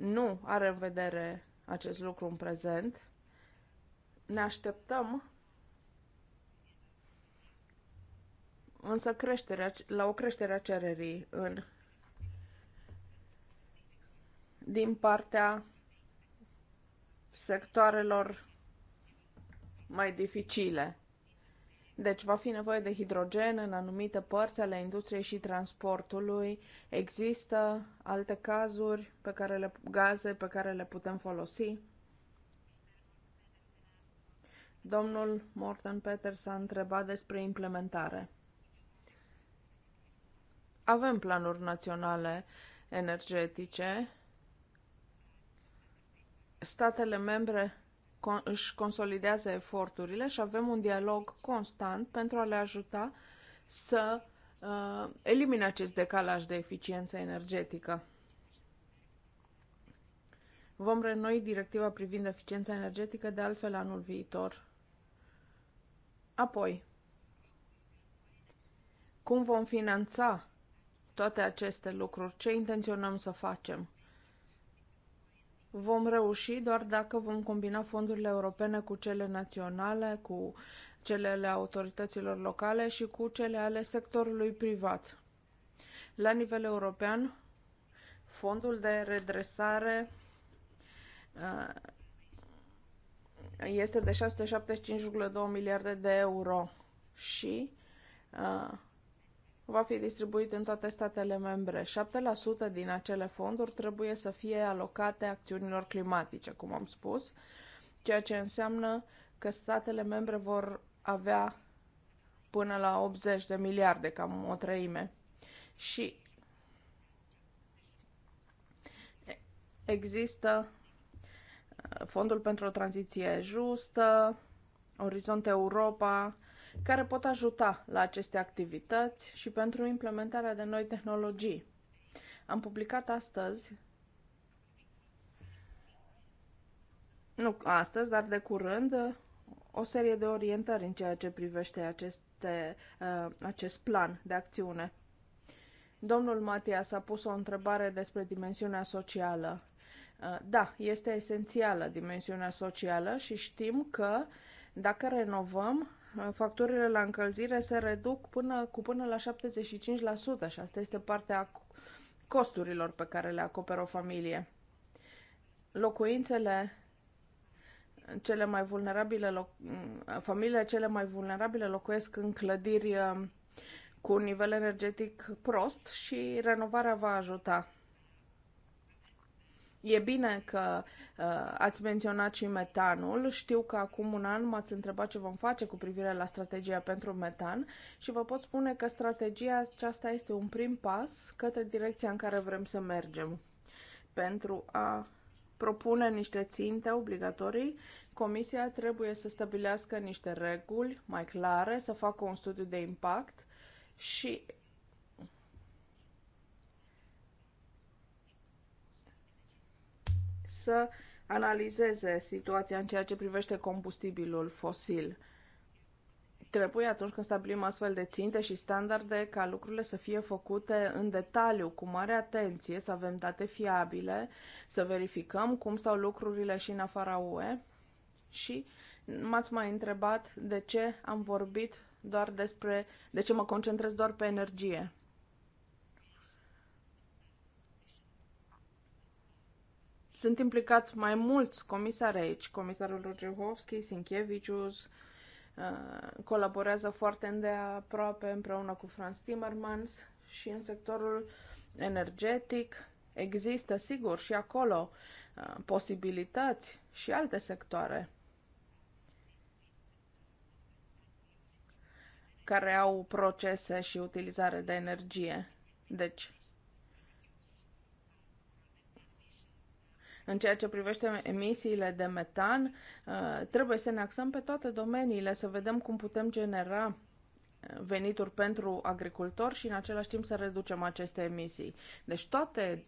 nu are în vedere acest lucru în prezent. Ne așteptăm însă creșterea, la o creștere a cererii în, din partea sectoarelor mai dificile. Deci va fi nevoie de hidrogen în anumite părți ale industriei și transportului. Există alte cazuri pe care le, gaze pe care le putem folosi. Domnul Morten Peters a întrebat despre implementare. Avem planuri naționale energetice. Statele membre își consolidează eforturile și avem un dialog constant pentru a le ajuta să uh, elimine acest decalaj de eficiență energetică. Vom renoi directiva privind eficiența energetică de altfel anul viitor. Apoi, cum vom finanța toate aceste lucruri? Ce intenționăm să facem? vom reuși doar dacă vom combina fondurile europene cu cele naționale, cu cele ale autorităților locale și cu cele ale sectorului privat. La nivel european, fondul de redresare uh, este de 675,2 miliarde de euro și uh, va fi distribuit în toate statele membre. 7% din acele fonduri trebuie să fie alocate acțiunilor climatice, cum am spus, ceea ce înseamnă că statele membre vor avea până la 80 de miliarde, cam o treime. Și există uh, Fondul pentru o tranziție justă, Orizont Europa, care pot ajuta la aceste activități și pentru implementarea de noi tehnologii. Am publicat astăzi, nu astăzi, dar de curând, o serie de orientări în ceea ce privește aceste, uh, acest plan de acțiune. Domnul Matias a pus o întrebare despre dimensiunea socială. Uh, da, este esențială dimensiunea socială și știm că dacă renovăm, facturile la încălzire se reduc până, cu până la 75% și asta este partea costurilor pe care le acoperă o familie. Locuințele cele mai vulnerabile, familiile cele mai vulnerabile locuiesc în clădiri um, cu un nivel energetic prost și renovarea va ajuta E bine că uh, ați menționat și metanul. Știu că acum un an m-ați întrebat ce vom face cu privire la strategia pentru metan și vă pot spune că strategia aceasta este un prim pas către direcția în care vrem să mergem pentru a propune niște ținte obligatorii, Comisia trebuie să stabilească niște reguli mai clare, să facă un studiu de impact și să analizeze situația în ceea ce privește combustibilul fosil. Trebuie atunci când stabilim astfel de ținte și standarde ca lucrurile să fie făcute în detaliu, cu mare atenție, să avem date fiabile, să verificăm cum stau lucrurile și în afara UE. Și m-ați mai întrebat de ce am vorbit doar despre, de ce mă concentrez doar pe energie. Sunt implicați mai mulți comisari aici, comisarul Rogehovski, Sinkevicius, uh, colaborează foarte îndeaproape împreună cu Franz Timmermans și în sectorul energetic există, sigur, și acolo uh, posibilități și alte sectoare care au procese și utilizare de energie. Deci, În ceea ce privește emisiile de metan, uh, trebuie să ne axăm pe toate domeniile, să vedem cum putem genera uh, venituri pentru agricultori și în același timp să reducem aceste emisii. Deci toate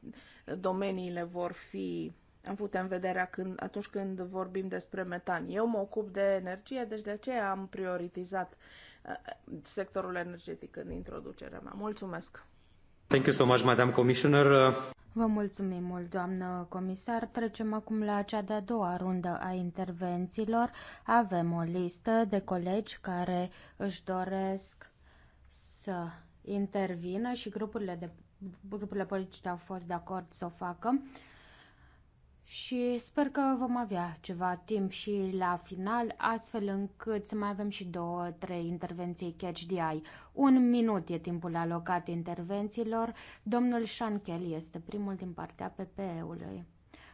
domeniile vor fi avut în vederea când, atunci când vorbim despre metan. Eu mă ocup de energie, deci de aceea am prioritizat uh, sectorul energetic în introducerea mea. Mulțumesc! Thank you so much, Madam Commissioner. Vă mulțumim mult, doamnă comisar. Trecem acum la cea de-a doua rundă a intervențiilor. Avem o listă de colegi care își doresc să intervină și grupurile, de, grupurile politice au fost de acord să o facă și sper că vom avea ceva timp și la final, astfel încât să mai avem și două, trei intervenții catch the eye. Un minut e timpul alocat intervențiilor. Domnul Șanchel este primul din partea PPE-ului.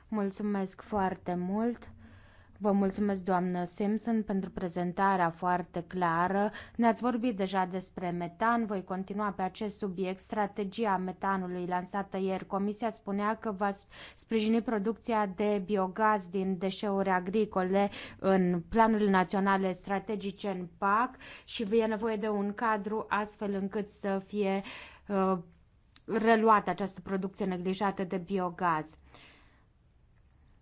Mulțumesc foarte mult! Vă mulțumesc, doamnă Simpson, pentru prezentarea foarte clară. Ne-ați vorbit deja despre metan. Voi continua pe acest subiect. Strategia metanului lansată ieri, Comisia spunea că va sprijini producția de biogaz din deșeuri agricole în planurile naționale strategice în PAC și e nevoie de un cadru astfel încât să fie uh, reluată această producție neglijată de biogaz. Uh,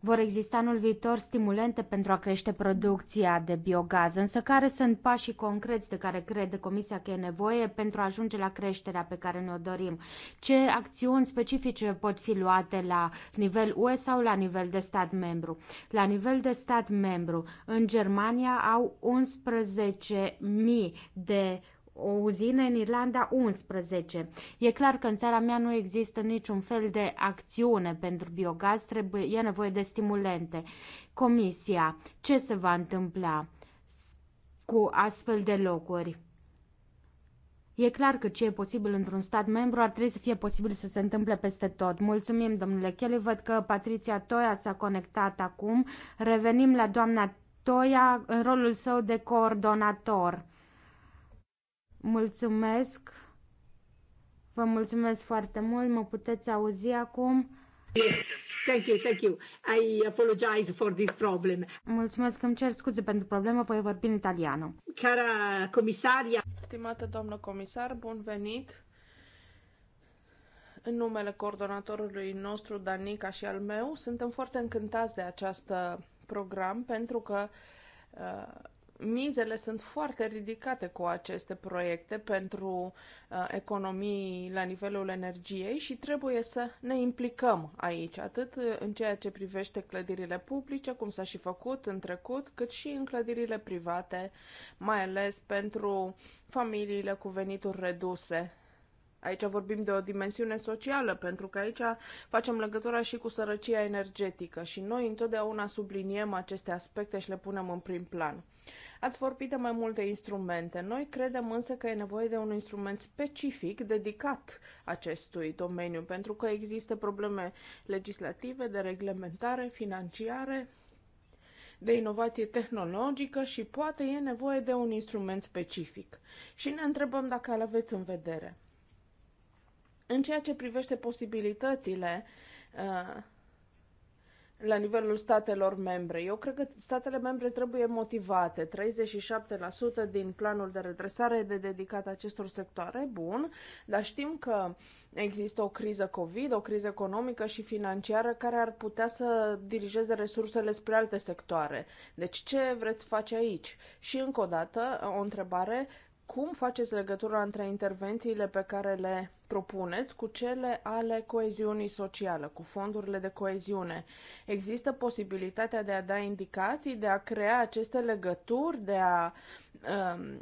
vor exista anul viitor stimulente pentru a crește producția de biogaz, însă care sunt pașii concreți de care crede Comisia că e nevoie pentru a ajunge la creșterea pe care ne-o dorim? Ce acțiuni specifice pot fi luate la nivel UE sau la nivel de stat membru? La nivel de stat membru, în Germania au 11.000 de o uzină, în Irlanda 11. E clar că în țara mea nu există niciun fel de acțiune pentru biogaz, trebuie, e nevoie de stimulente. Comisia, ce se va întâmpla cu astfel de locuri? E clar că ce e posibil într-un stat membru ar trebui să fie posibil să se întâmple peste tot. Mulțumim, domnule Kelly. Văd că Patricia Toia s-a conectat acum. Revenim la doamna Toia în rolul său de coordonator. Mulțumesc. Vă mulțumesc foarte mult. Mă puteți auzi acum? Yes. Thank you, thank you. I apologize for this problem. Mulțumesc, îmi cer scuze pentru problemă, voi vorbi în italiană. Cara comisaria. Stimată doamnă comisar, bun venit. În numele coordonatorului nostru, Danica și al meu, suntem foarte încântați de acest program pentru că uh, mizele sunt foarte ridicate cu aceste proiecte pentru uh, economii la nivelul energiei și trebuie să ne implicăm aici, atât uh, în ceea ce privește clădirile publice, cum s-a și făcut în trecut, cât și în clădirile private, mai ales pentru familiile cu venituri reduse Aici vorbim de o dimensiune socială, pentru că aici facem legătura și cu sărăcia energetică și noi întotdeauna subliniem aceste aspecte și le punem în prim plan. Ați vorbit de mai multe instrumente. Noi credem însă că e nevoie de un instrument specific dedicat acestui domeniu, pentru că există probleme legislative, de reglementare, financiare, de inovație tehnologică și poate e nevoie de un instrument specific. Și ne întrebăm dacă îl aveți în vedere. În ceea ce privește posibilitățile uh, la nivelul statelor membre. Eu cred că statele membre trebuie motivate. 37% din planul de redresare e de dedicat acestor sectoare, bun, dar știm că există o criză COVID, o criză economică și financiară care ar putea să dirigeze resursele spre alte sectoare. Deci ce vreți face aici? Și încă o dată, o întrebare, cum faceți legătura între intervențiile pe care le propuneți cu cele ale coeziunii sociale, cu fondurile de coeziune? Există posibilitatea de a da indicații, de a crea aceste legături, de a um,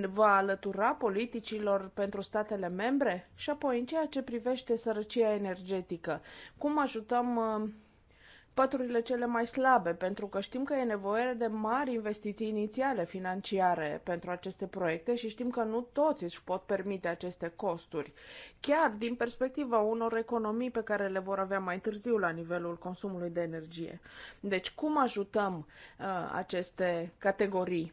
vă alătura politicilor pentru statele membre? Și apoi, în ceea ce privește sărăcia energetică, cum ajutăm um, păturile cele mai slabe, pentru că știm că e nevoie de mari investiții inițiale financiare pentru aceste proiecte și știm că nu toți își pot permite aceste costuri, chiar din perspectiva unor economii pe care le vor avea mai târziu la nivelul consumului de energie. Deci, cum ajutăm uh, aceste categorii?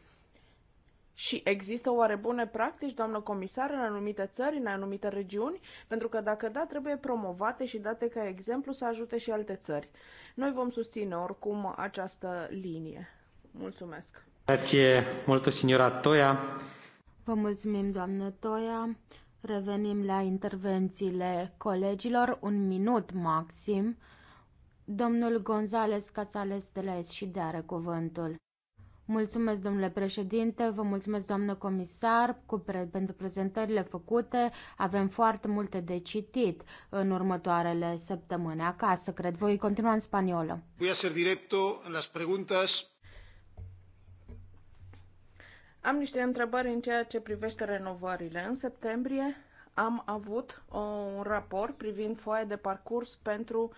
Și există oare bune practici, doamnă comisar, în anumite țări, în anumite regiuni? Pentru că dacă da, trebuie promovate și date ca exemplu să ajute și alte țări. Noi vom susține oricum această linie. Mulțumesc! Grație mult, signora Toia! Vă mulțumim, doamnă Toia! Revenim la intervențiile colegilor, un minut maxim. Domnul Gonzales Casales de la S și de are cuvântul. Mulțumesc, domnule președinte, vă mulțumesc, doamnă comisar, cu pre- pentru prezentările făcute. Avem foarte multe de citit în următoarele săptămâni acasă, cred. Voi continua în spaniolă. Voi a ser directo las preguntas. Am niște întrebări în ceea ce privește renovările. În septembrie am avut un raport privind foaia de parcurs pentru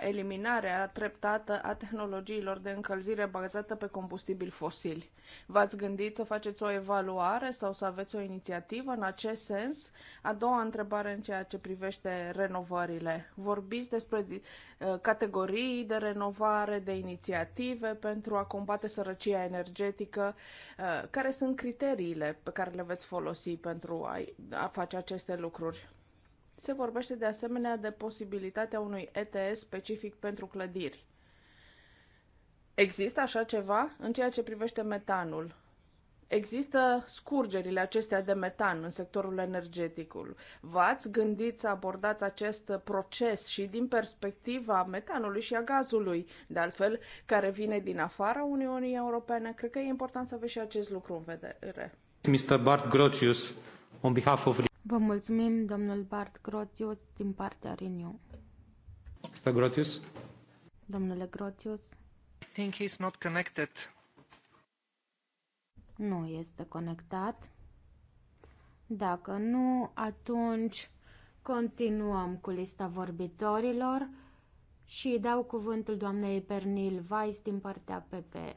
eliminarea treptată a tehnologiilor de încălzire bazată pe combustibili fosili. V-ați gândit să faceți o evaluare sau să aveți o inițiativă în acest sens? A doua întrebare în ceea ce privește renovările. Vorbiți despre categorii de renovare, de inițiative pentru a combate sărăcia energetică. Care sunt criteriile pe care le veți folosi pentru a face aceste lucruri? Se vorbește de asemenea de posibilitatea unui ETS specific pentru clădiri. Există așa ceva în ceea ce privește metanul? Există scurgerile acestea de metan în sectorul energeticul. V-ați gândit să abordați acest proces și din perspectiva metanului și a gazului, de altfel, care vine din afara Uniunii Europene? Cred că e important să aveți și acest lucru în vedere. Mr. Bart Grotius, on behalf of... Vă mulțumim, domnul Bart Grotius, din partea Renew. Mr. Grotius? Domnule Grotius? I think he's not connected. Nu este conectat. Dacă nu, atunci continuăm cu lista vorbitorilor și îi dau cuvântul doamnei Pernil Weiss din partea PP.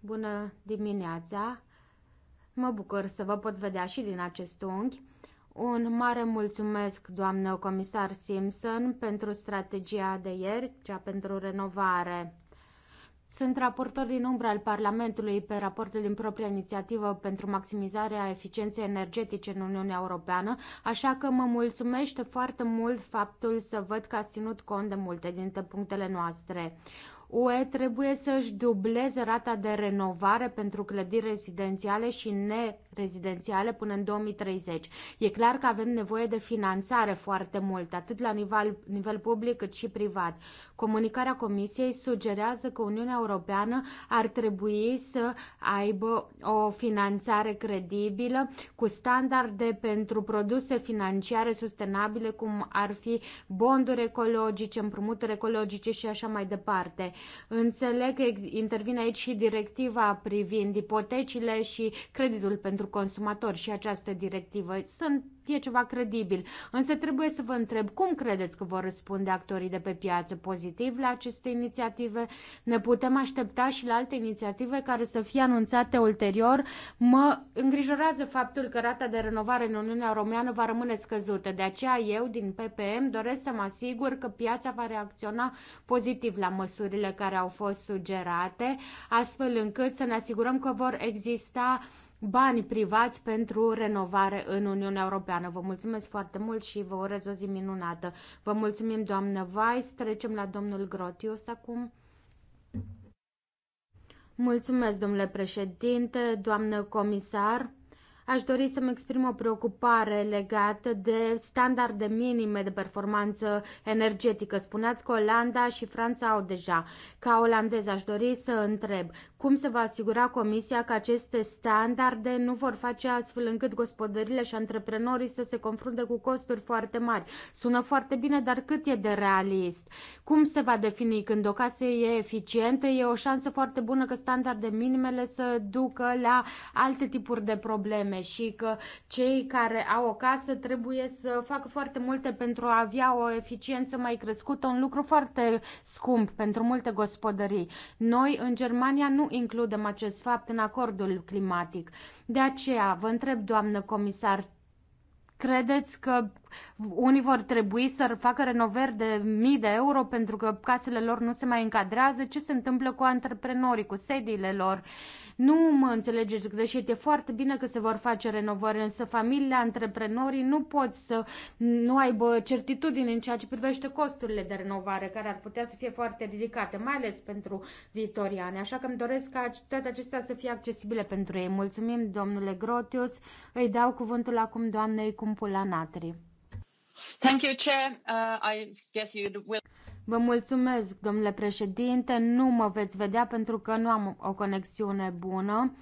Bună dimineața! Mă bucur să vă pot vedea și din acest unghi. Un mare mulțumesc, doamnă comisar Simpson, pentru strategia de ieri, cea pentru renovare. Sunt raportor din umbră al Parlamentului pe raportul din propria inițiativă pentru maximizarea eficienței energetice în Uniunea Europeană, așa că mă mulțumește foarte mult faptul să văd că ați ținut cont de multe dintre punctele noastre. UE trebuie să își dubleze rata de renovare pentru clădiri rezidențiale și nerezidențiale până în 2030. E clar că avem nevoie de finanțare foarte mult, atât la nivel, nivel public cât și privat. Comunicarea Comisiei sugerează că Uniunea Europeană ar trebui să aibă o finanțare credibilă cu standarde pentru produse financiare sustenabile, cum ar fi bonduri ecologice, împrumuturi ecologice și așa mai departe. Înțeleg că intervine aici și directiva privind ipotecile și creditul pentru consumatori și această directivă. Sunt fie ceva credibil. Însă trebuie să vă întreb cum credeți că vor răspunde actorii de pe piață pozitiv la aceste inițiative? Ne putem aștepta și la alte inițiative care să fie anunțate ulterior? Mă îngrijorează faptul că rata de renovare în Uniunea Romeană va rămâne scăzută. De aceea eu, din PPM, doresc să mă asigur că piața va reacționa pozitiv la măsurile care au fost sugerate, astfel încât să ne asigurăm că vor exista bani privați pentru renovare în Uniunea Europeană. Vă mulțumesc foarte mult și vă urez o zi minunată. Vă mulțumim, doamnă Weiss. Trecem la domnul Grotius acum. Mulțumesc, domnule președinte, doamnă comisar. Aș dori să-mi exprim o preocupare legată de standarde minime de performanță energetică. Spuneați că Olanda și Franța au deja. Ca olandez aș dori să întreb cum se va asigura Comisia că aceste standarde nu vor face astfel încât gospodările și antreprenorii să se confrunte cu costuri foarte mari. Sună foarte bine, dar cât e de realist? Cum se va defini când o casă e eficientă? E o șansă foarte bună că standarde minimele să ducă la alte tipuri de probleme și că cei care au o casă trebuie să facă foarte multe pentru a avea o eficiență mai crescută, un lucru foarte scump pentru multe gospodării. Noi, în Germania, nu includem acest fapt în acordul climatic. De aceea, vă întreb, doamnă comisar, credeți că unii vor trebui să facă renovări de mii de euro pentru că casele lor nu se mai încadrează? Ce se întâmplă cu antreprenorii, cu sediile lor? Uh, nu mă înțelegeți greșit, e foarte bine că se vor face renovări, însă familia antreprenorii nu pot să nu aibă certitudine în ceea ce privește costurile de renovare, care ar putea să fie foarte ridicate, mai ales pentru viitorii ani. Așa că îmi doresc ca toate acestea să fie accesibile pentru ei. Mulțumim, domnule Grotius. Îi dau cuvântul acum doamnei Cumpula Natri. Thank you, Chair. Uh, I guess you will... Vă mulțumesc, domnule președinte, nu mă veți vedea pentru că nu am o conexiune bună,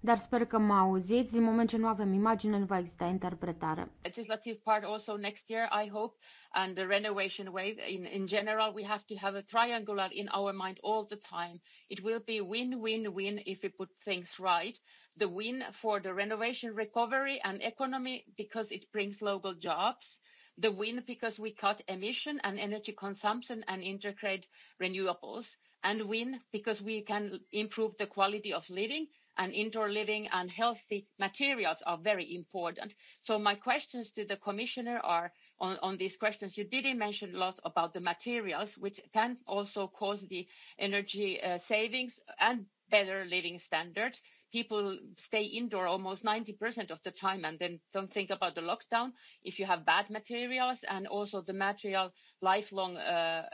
dar sper că mă auziți. Din moment ce nu avem imagine, nu va exista interpretare. Legislative part also next year, I hope, and the renovation wave. In, in general, we have to have a triangular in our mind all the time. It will be win-win-win if we put things right. The win for the renovation recovery and economy because it brings local jobs – the win because we cut emission and energy consumption and integrate renewables, and win because we can improve the quality of living and indoor living and healthy materials are very important. So my questions to the commissioner are on, on these questions. You didn't mention a lot about the materials, which can also cause the energy uh, savings and better living standards people stay indoor almost 90% of the time and then don't think about the lockdown if you have bad materials and also the material lifelong uh,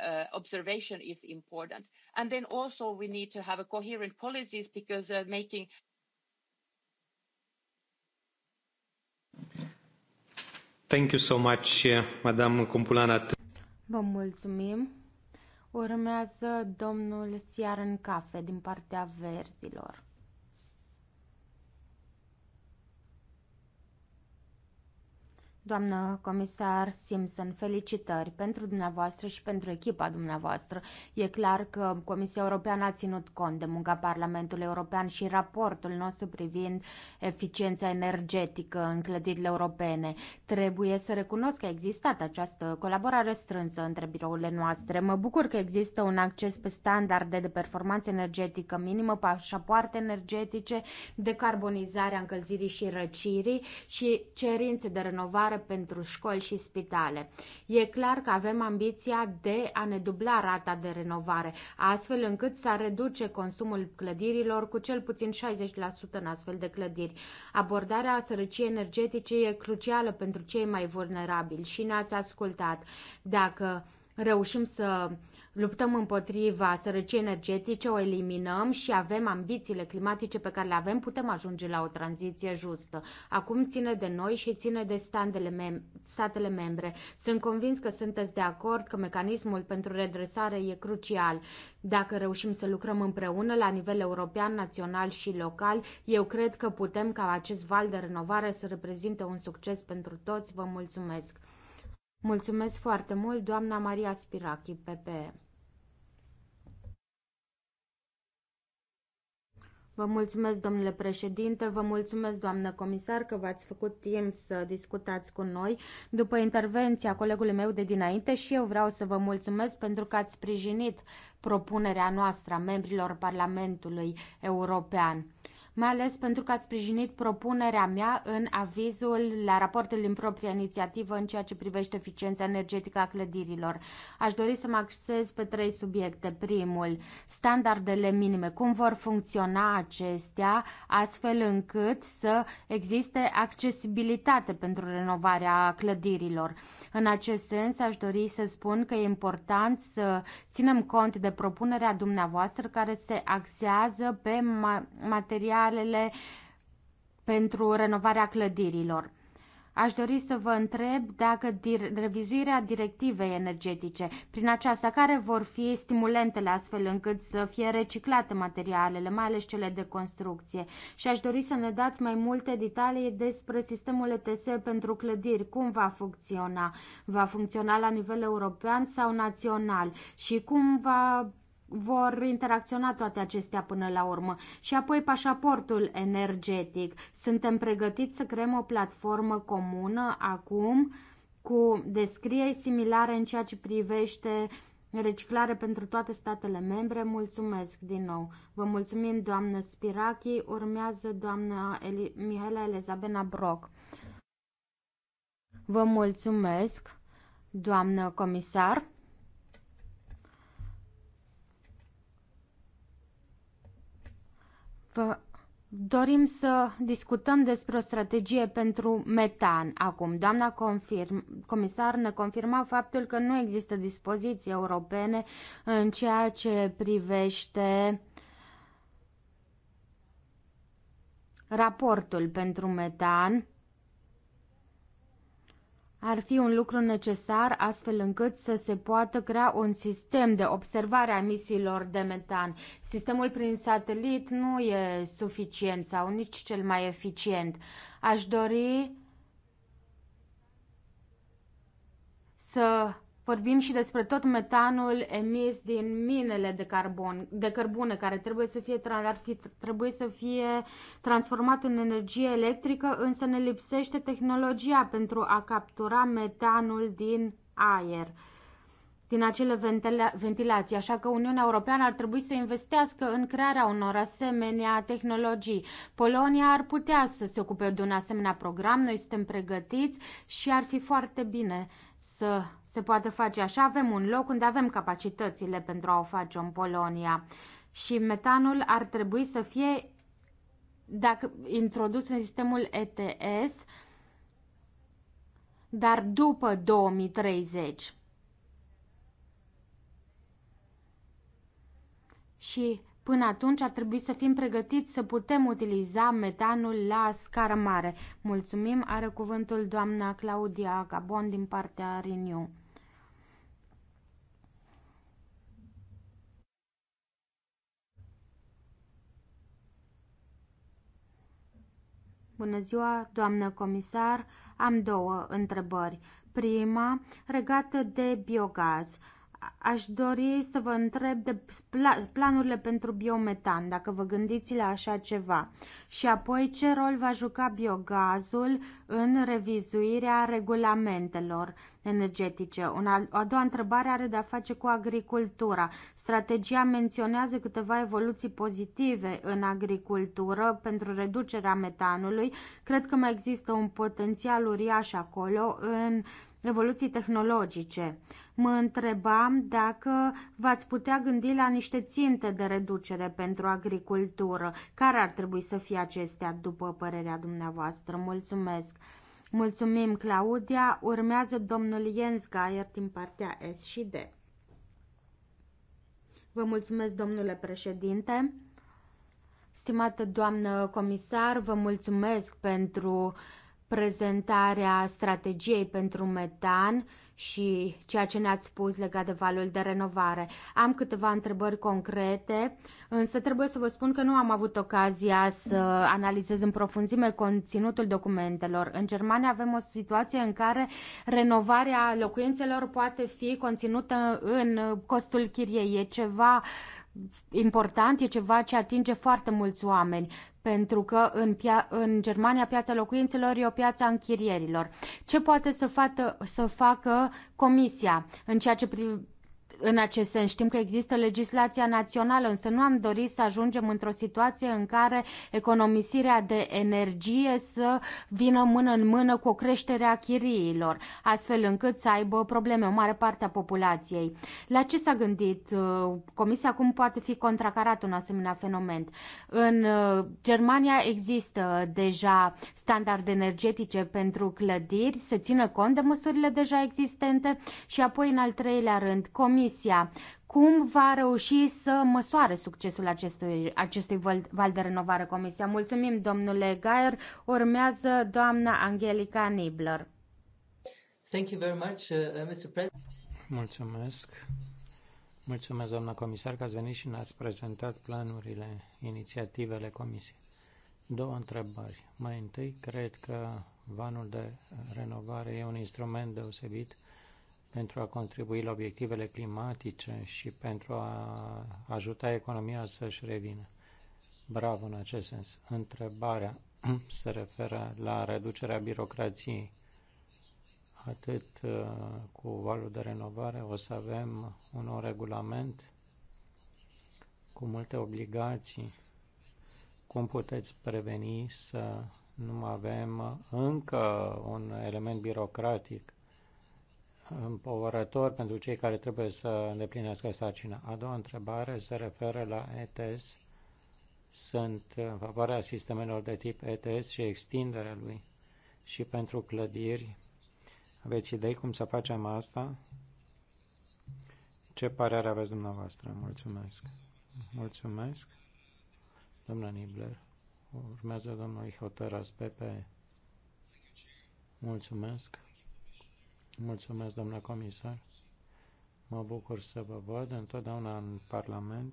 uh, observation is important and then also we need to have a coherent policies because uh, making Thank you so much, uh, Madam Cumpulana. Vă mulțumim. Urmează domnul Siaran Cafe din partea verzilor. Doamnă comisar Simpson, felicitări pentru dumneavoastră și pentru echipa dumneavoastră. E clar că Comisia Europeană a ținut cont de munca Parlamentului European și raportul nostru privind eficiența energetică în clădirile europene. Trebuie să recunosc că a existat această colaborare strânsă între birourile noastre. Mă bucur că există un acces pe standarde de performanță energetică minimă, pașapoarte energetice, decarbonizarea încălzirii și răcirii și cerințe de renovare viitoare pentru școli și spitale. E clar că avem ambiția de a ne dubla rata de renovare, astfel încât să reduce consumul clădirilor cu cel puțin 60% în astfel de clădiri. Abordarea sărăciei energetice e crucială pentru cei mai vulnerabili și ne-ați ascultat. Dacă reușim să luptăm împotriva sărăciei energetice, o eliminăm și avem ambițiile climatice pe care le avem, putem ajunge la o tranziție justă. Acum ține de noi și ține de mem statele membre. Sunt convins că sunteți de acord că mecanismul pentru redresare e crucial. Dacă reușim să lucrăm împreună la nivel european, național și local, eu cred că putem ca acest val de renovare să reprezinte un succes pentru toți. Vă mulțumesc! Mulțumesc foarte mult, doamna Maria Spirachi, PPE. Vă mulțumesc, domnule președinte, vă mulțumesc, doamnă comisar, că v-ați făcut timp să discutați cu noi. După intervenția colegului meu de dinainte și eu vreau să vă mulțumesc pentru că ați sprijinit propunerea noastră a membrilor Parlamentului European mai ales pentru că ați sprijinit propunerea mea în avizul la raportul din propria inițiativă în ceea ce privește eficiența energetică a clădirilor. Aș dori să mă axez pe trei subiecte. Primul, standardele minime. Cum vor funcționa acestea astfel încât să existe accesibilitate pentru renovarea clădirilor. În acest sens, aș dori să spun că e important să ținem cont de propunerea dumneavoastră care se axează pe material materialele pentru renovarea clădirilor. Aș dori să vă întreb dacă dir- revizuirea directivei energetice, prin aceasta care vor fi stimulentele astfel încât să fie reciclate materialele, mai ales cele de construcție. Și aș dori să ne dați mai multe detalii despre sistemul ETS pentru clădiri, cum va funcționa, va funcționa la nivel european sau național și cum va vor interacționa toate acestea până la urmă. Și apoi pașaportul energetic. Suntem pregătiți să creăm o platformă comună acum cu descrieri similare în ceea ce privește reciclare pentru toate statele membre. Mulțumesc din nou. Vă mulțumim, doamnă Spirachi. Urmează doamna Eli- Mihaela Elizabena Brock. Vă mulțumesc, doamnă comisar. că dorim să discutăm despre o strategie pentru metan acum. Doamna confirm, comisar ne confirma faptul că nu există dispoziții europene în ceea ce privește raportul pentru metan ar fi un lucru necesar astfel încât să se poată crea un sistem de observare a emisiilor de metan. Sistemul prin satelit nu e suficient sau nici cel mai eficient. Aș dori să Vorbim și despre tot metanul emis din minele de, carbon, de cărbune, care trebuie să fie, ar fi, trebuie să fie transformat în energie electrică, însă ne lipsește tehnologia pentru a captura metanul din aer din acele ventilații, așa că Uniunea Europeană ar trebui să investească în crearea unor asemenea tehnologii. Polonia ar putea să se ocupe de un asemenea program, noi suntem pregătiți și ar fi foarte bine să se poate face așa, avem un loc unde avem capacitățile pentru a o face în Polonia. Și metanul ar trebui să fie dacă introdus în sistemul ETS, dar după 2030. Și Până atunci ar trebui să fim pregătiți să putem utiliza metanul la scară mare. Mulțumim, are cuvântul doamna Claudia Gabon din partea Renew. Bună ziua, doamnă comisar. Am două întrebări. Prima, regată de biogaz. Aș dori să vă întreb de planurile pentru biometan, dacă vă gândiți la așa ceva. Și apoi, ce rol va juca biogazul în revizuirea regulamentelor? energetice. O a doua întrebare are de-a face cu agricultura. Strategia menționează câteva evoluții pozitive în agricultură pentru reducerea metanului. Cred că mai există un potențial uriaș acolo în evoluții tehnologice. Mă întrebam dacă v-ați putea gândi la niște ținte de reducere pentru agricultură. Care ar trebui să fie acestea, după părerea dumneavoastră? Mulțumesc! Mulțumim, Claudia. Urmează domnul Jens Gaier din partea S și D. Vă mulțumesc, domnule președinte. Stimată doamnă comisar, vă mulțumesc pentru prezentarea strategiei pentru metan și ceea ce ne-ați spus legat de valul de renovare. Am câteva întrebări concrete, însă trebuie să vă spun că nu am avut ocazia să analizez în profunzime conținutul documentelor. În Germania avem o situație în care renovarea locuințelor poate fi conținută în costul chiriei. E ceva important, e ceva ce atinge foarte mulți oameni pentru că în, pia- în Germania piața locuințelor e o piață a închirierilor. Ce poate să, fată, să facă comisia în ceea ce privește în acest sens. Știm că există legislația națională, însă nu am dorit să ajungem într-o situație în care economisirea de energie să vină mână în mână cu o creștere a chiriilor, astfel încât să aibă probleme o mare parte a populației. La ce s-a gândit uh, Comisia? Cum poate fi contracarat un asemenea fenomen? În uh, Germania există deja standarde energetice pentru clădiri, se țină cont de măsurile deja existente și apoi, în al treilea rând, Comisia Comisia cum va reuși să măsoare succesul acestui, acestui val de renovare Comisia. Mulțumim, domnule Gaier. Urmează doamna Angelica Nibler. Thank you very much, uh, uh Mr. President. Mulțumesc. Mulțumesc, doamna comisar, că ați venit și ne-ați prezentat planurile, inițiativele Comisiei. Două întrebări. Mai întâi, cred că vanul de renovare e un instrument deosebit pentru a contribui la obiectivele climatice și pentru a ajuta economia să-și revină. Bravo în acest sens. Întrebarea <clears throat> se referă la reducerea birocrației. Atât uh, cu valul de renovare o să avem un nou regulament cu multe obligații. Cum puteți preveni să nu avem încă un element birocratic împovărător pentru cei care trebuie să îndeplinească sarcina. A doua întrebare se referă la ETS. Sunt în favoarea sistemelor de tip ETS și extinderea lui și pentru clădiri. Aveți idei cum să facem asta? Ce părere aveți dumneavoastră? Mulțumesc. Mulțumesc. Domnul Nibler. Urmează domnul Ihotăras Pepe. Mulțumesc. Mulțumesc, doamna comisar. Mă bucur să vă văd întotdeauna în Parlament.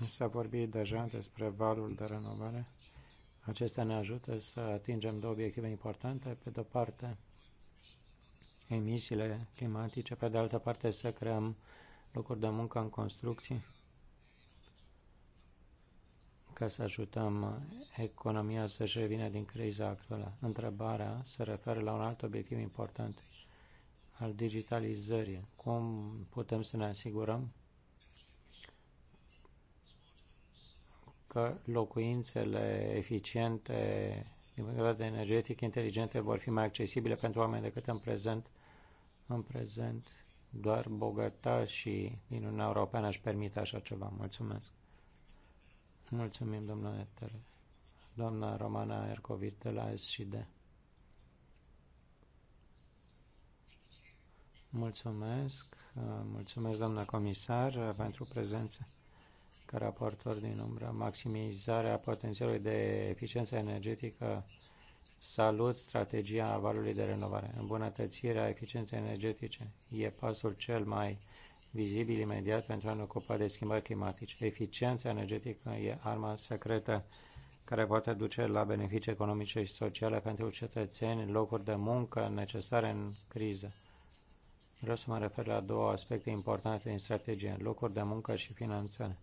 S-a vorbit deja despre valul de renovare. Acestea ne ajută să atingem două obiective importante. Pe de-o parte, emisiile climatice, pe de altă parte să creăm locuri de muncă în construcții ca să ajutăm economia să-și revină din criza actuală. Întrebarea se referă la un alt obiectiv important al digitalizării. Cum putem să ne asigurăm că locuințele eficiente din punct de vedere energetic inteligente vor fi mai accesibile pentru oameni decât în prezent. În prezent, doar bogătașii din Uniunea Europeană își permit așa ceva. Mulțumesc! Mulțumim, domnule Doamna Romana Ercovit de la SCD. Mulțumesc, mulțumesc doamna comisar pentru prezență ca raportor din umbră. Maximizarea potențialului de eficiență energetică Salut strategia valului de renovare. Îmbunătățirea eficienței energetice e pasul cel mai vizibil imediat pentru a ne ocupa de schimbări climatice. Eficiența energetică e arma secretă care poate duce la beneficii economice și sociale pentru cetățeni, locuri de muncă necesare în criză. Vreau să mă refer la două aspecte importante din strategie, locuri de muncă și finanțare.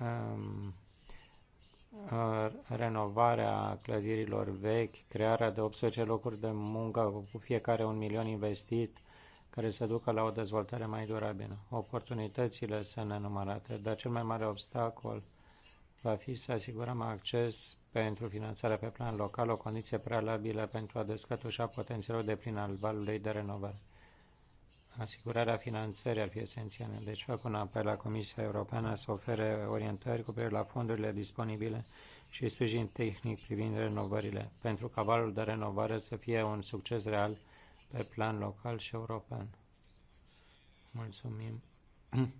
Um, uh, renovarea clădirilor vechi, crearea de 18 locuri de muncă cu fiecare un milion investit, care să ducă la o dezvoltare mai durabilă. Oportunitățile sunt nenumărate, dar cel mai mare obstacol va fi să asigurăm acces pentru finanțarea pe plan local, o condiție prealabilă pentru a descătușa potențialul de plin al valului de renovare. Asigurarea finanțării ar fi esențială, deci fac un apel la Comisia Europeană să ofere orientări cu privire la fondurile disponibile și sprijin tehnic privind renovările, pentru ca valul de renovare să fie un succes real pe plan local și european. Mulțumim <clears throat>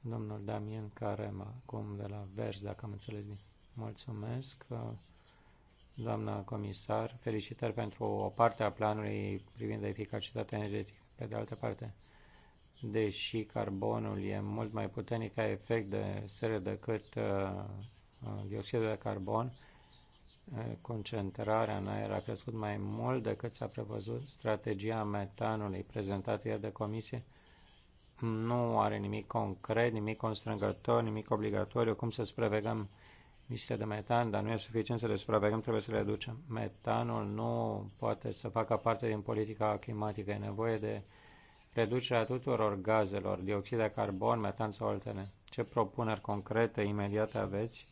domnul Damien Carema, cum de la Vers, dacă am înțeles bine. Mulțumesc, uh, doamna comisar. Felicitări pentru o parte a planului privind eficacitatea energetică. Pe de altă parte, deși carbonul e mult mai puternic ca efect de seră decât uh, uh, dioxidul de carbon, uh, concentrarea în aer a crescut mai mult decât s-a prevăzut. Strategia metanului prezentată ieri de comisie nu are nimic concret, nimic constrângător, nimic obligatoriu. Cum să supravegăm misiile de metan, dar nu e suficient să le supraveghem, trebuie să le reducem. Metanul nu poate să facă parte din politica climatică. E nevoie de reducerea tuturor gazelor, dioxid de carbon, metan sau altele. Ce propuneri concrete imediate aveți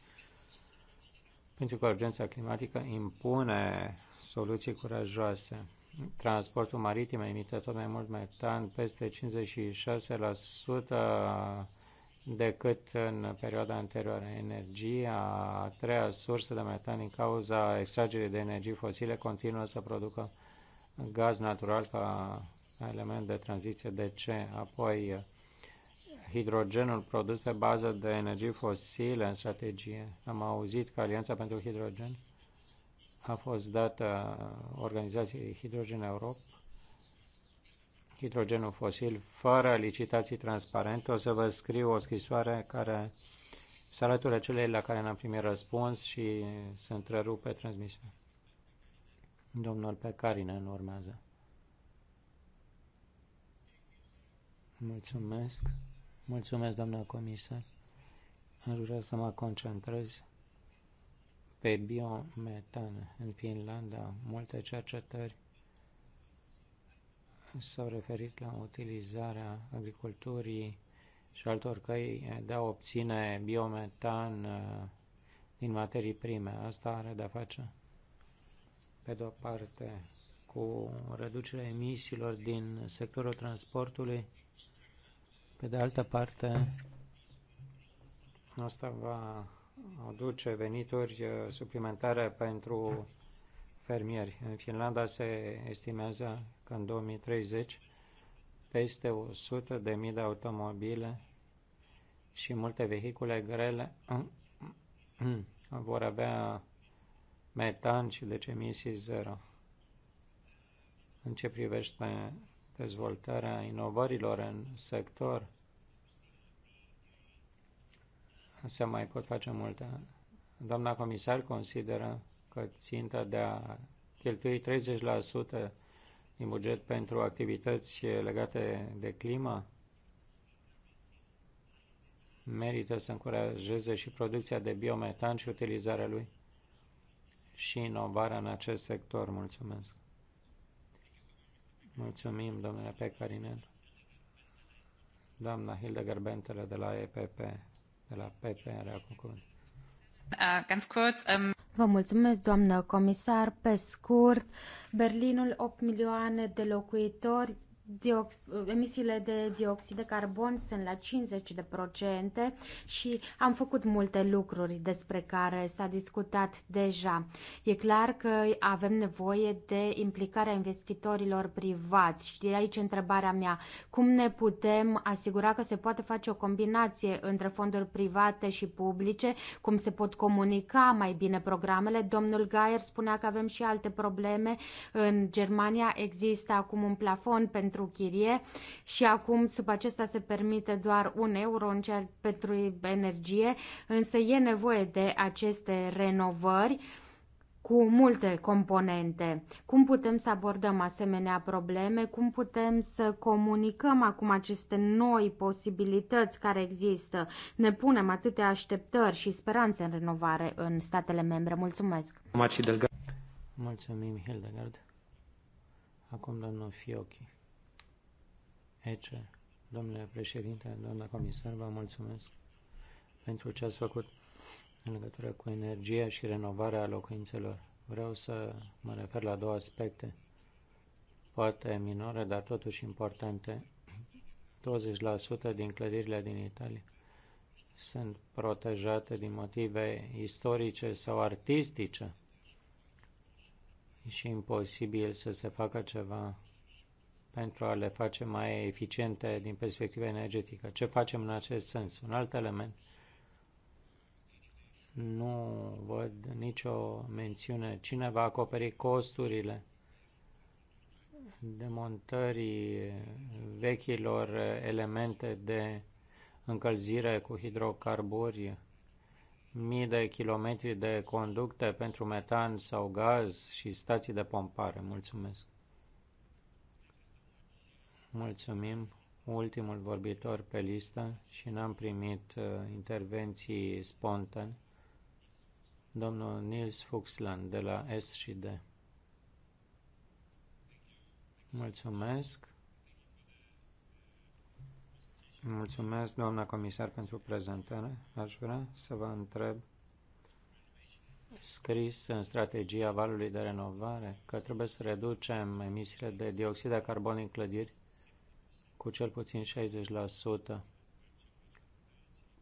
pentru că urgența climatică impune soluții curajoase. Transportul maritim emite tot mai mult metan, peste 56% decât în perioada anterioară. Energia, a treia sursă de metan din cauza extragerii de energii fosile, continuă să producă gaz natural ca element de tranziție. De ce? Apoi, hidrogenul produs pe bază de energie fosilă, în strategie. Am auzit că Alianța pentru Hidrogen a fost dată organizației Hidrogen Europe hidrogenul fosil fără licitații transparente. O să vă scriu o scrisoare care să alăture celei la care n-am primit răspuns și se întrerupe transmisia. Domnul în urmează. Mulțumesc. Mulțumesc, doamna comisar. Aș vrea să mă concentrez pe biometan. În Finlanda, multe cercetări s-au referit la utilizarea agriculturii și altor căi de a obține biometan uh, din materii prime. Asta are de-a face, pe de-o parte, cu reducerea emisiilor din sectorul transportului pe de altă parte, asta va aduce venituri uh, suplimentare pentru fermieri. În Finlanda se estimează că în 2030 peste 100 de mii de automobile și multe vehicule grele <clears throat> vor avea metan și deci emisii zero. În ce privește dezvoltarea inovărilor în sector, se mai pot face multe. Doamna comisar consideră că ținta de a cheltui 30% din buget pentru activități legate de climă merită să încurajeze și producția de biometan și utilizarea lui și inovarea în acest sector. Mulțumesc! Mulțumim, domnule Pecarinen. Doamna Hilde Gerbentele de la EPP, de la PP, are acum cuvânt. Ähm, Vă mulțumesc, doamnă comisar. Pe scurt, Berlinul, 8 milioane de locuitori, emisiile de dioxid de carbon sunt la 50% și am făcut multe lucruri despre care s-a discutat deja. E clar că avem nevoie de implicarea investitorilor privați și de aici întrebarea mea, cum ne putem asigura că se poate face o combinație între fonduri private și publice, cum se pot comunica mai bine programele. Domnul Gaier spunea că avem și alte probleme. În Germania există acum un plafon pentru pentru chirie și acum sub acesta se permite doar un euro în cea pentru energie, însă e nevoie de aceste renovări cu multe componente. Cum putem să abordăm asemenea probleme? Cum putem să comunicăm acum aceste noi posibilități care există? Ne punem atâtea așteptări și speranțe în renovare în statele membre. Mulțumesc! Mulțumim, Hildegard. Acum domnul Fiocchi. Hece, domnule președinte, doamna comisar, vă mulțumesc pentru ce ați făcut în legătură cu energia și renovarea locuințelor. Vreau să mă refer la două aspecte, poate minore, dar totuși importante. 20% din clădirile din Italia sunt protejate din motive istorice sau artistice. E și imposibil să se facă ceva pentru a le face mai eficiente din perspectiva energetică. Ce facem în acest sens? Un alt element. Nu văd nicio mențiune. Cine va acoperi costurile demontării vechilor elemente de încălzire cu hidrocarburi, mii de kilometri de conducte pentru metan sau gaz și stații de pompare. Mulțumesc! Mulțumim. Ultimul vorbitor pe listă și n-am primit uh, intervenții spontane. Domnul Nils Fuxland de la S și D. Mulțumesc. Mulțumesc, doamna comisar, pentru prezentare. Aș vrea să vă întreb scris în strategia valului de renovare că trebuie să reducem emisiile de dioxid de carbon în clădiri cu cel puțin 60%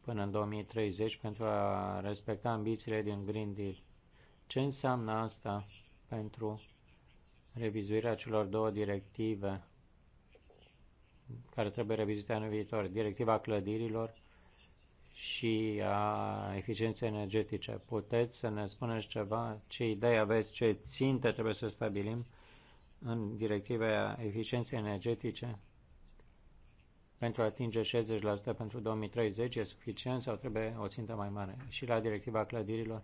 până în 2030 pentru a respecta ambițiile din Green Deal. Ce înseamnă asta pentru revizuirea celor două directive care trebuie revizuite în viitor, directiva clădirilor și a eficienței energetice. Puteți să ne spuneți ceva, ce idei aveți, ce ținte trebuie să stabilim în directiva eficienței energetice pentru a atinge 60% pentru 2030 e suficient sau trebuie o țintă mai mare? Și la directiva clădirilor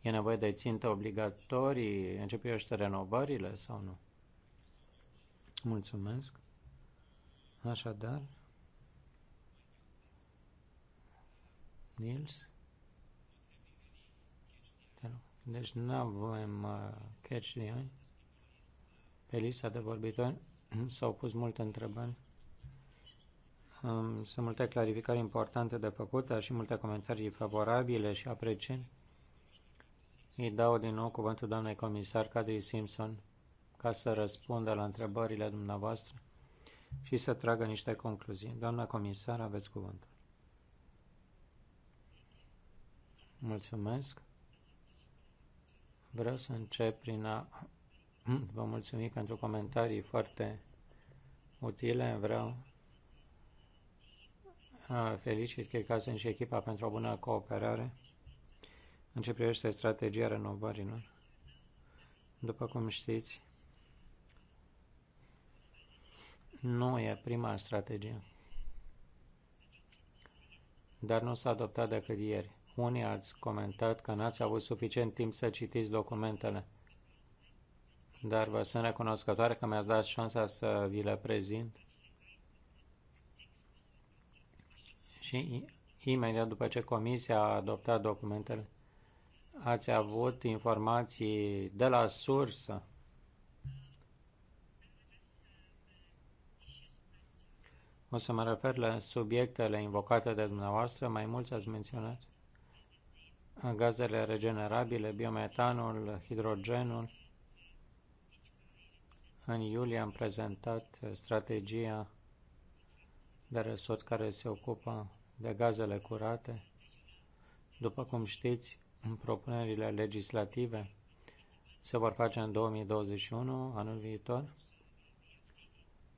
e nevoie de țintă obligatorii, începește renovările sau nu? Mulțumesc. Așadar, Nils? Deci nu avem uh, catch the eye. Pe lista de vorbitori <clears throat> s-au pus multe întrebări. Sunt multe clarificări importante de făcut, dar și multe comentarii favorabile și aprecieri. Îi dau din nou cuvântul doamnei comisar Cadri Simpson ca să răspundă la întrebările dumneavoastră și să tragă niște concluzii. Doamna comisar, aveți cuvântul. Mulțumesc. Vreau să încep prin a vă mulțumi pentru comentarii foarte utile. Vreau felicit Kirkazen și echipa pentru o bună cooperare în ce privește strategia renovărilor. După cum știți, nu e prima strategie, dar nu s-a adoptat decât ieri. Unii ați comentat că n-ați avut suficient timp să citiți documentele, dar vă sunt recunoscătoare că mi-ați dat șansa să vi le prezint și imediat după ce comisia a adoptat documentele, ați avut informații de la sursă? O să mă refer la subiectele invocate de dumneavoastră, mai mulți ați menționat. Gazele regenerabile, biometanul, hidrogenul. În iulie am prezentat strategia de resort care se ocupă de gazele curate. După cum știți, în propunerile legislative se vor face în 2021, anul viitor.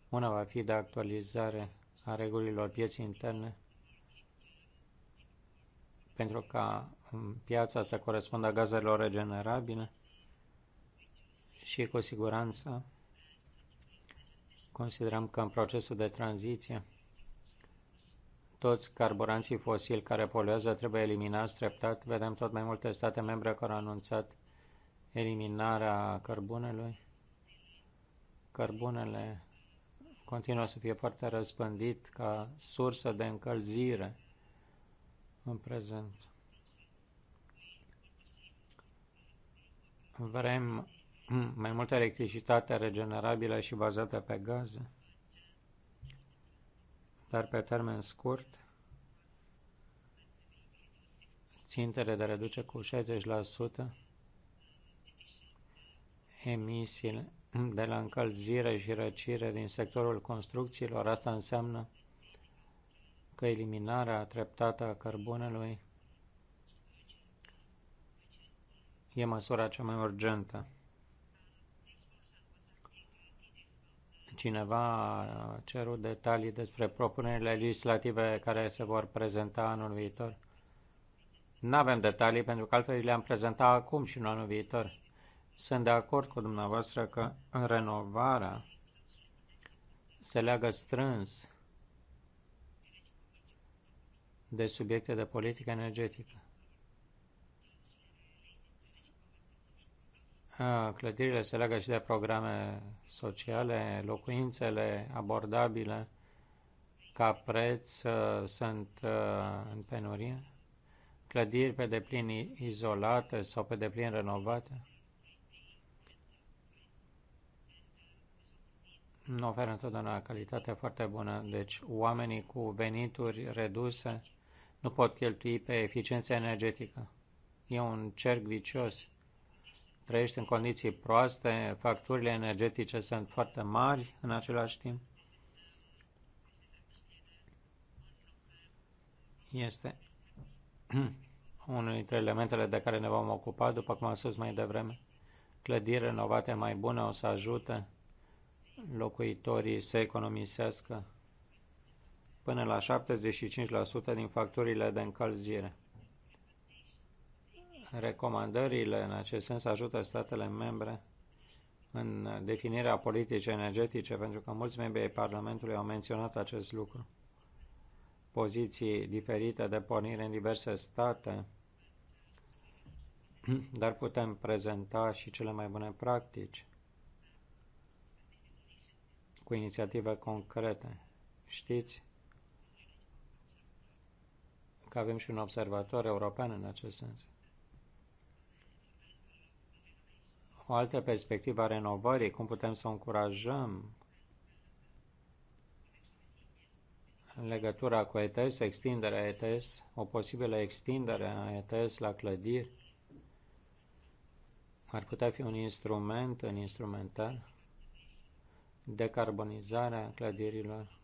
Una va fi de actualizare a regulilor pieții interne pentru ca piața să corespundă gazelor regenerabile și cu siguranță considerăm că în procesul de tranziție toți carburanții fosili care poluează trebuie eliminați treptat. Vedem tot mai multe state membre care au anunțat eliminarea cărbunelui. Cărbunele continuă să fie foarte răspândit ca sursă de încălzire în prezent. Vrem mai multă electricitate regenerabilă și bazată pe gaze dar pe termen scurt țintele de a reduce cu 60% emisiile de la încălzire și răcire din sectorul construcțiilor. Asta înseamnă că eliminarea treptată a cărbunelui e măsura cea mai urgentă. Cineva a cerut detalii despre propunerile legislative care se vor prezenta anul viitor? Nu avem detalii, pentru că altfel le-am prezentat acum și în anul viitor. Sunt de acord cu dumneavoastră că renovarea se leagă strâns de subiecte de politică energetică. Clădirile se legă și de programe sociale, locuințele abordabile ca preț uh, sunt uh, în penurie, clădiri pe deplin izolate sau pe deplin renovate. nu oferă întotdeauna calitate foarte bună. Deci oamenii cu venituri reduse nu pot cheltui pe eficiența energetică. E un cerc vicios trăiești în condiții proaste, facturile energetice sunt foarte mari în același timp. Este <clears throat> unul dintre elementele de care ne vom ocupa, după cum am spus mai devreme. Clădiri renovate mai bune o să ajute locuitorii să economisească până la 75% din facturile de încălzire. Recomandările în acest sens ajută statele membre în definirea politicii energetice, pentru că mulți membri ai Parlamentului au menționat acest lucru. Poziții diferite de pornire în diverse state, <clears throat> dar putem prezenta și cele mai bune practici cu inițiative concrete. Știți că avem și un observator european în acest sens. o altă perspectivă a renovării, cum putem să o încurajăm în legătura cu ETS, extinderea ETS, o posibilă extindere a ETS la clădiri, ar putea fi un instrument în instrumentar, decarbonizarea clădirilor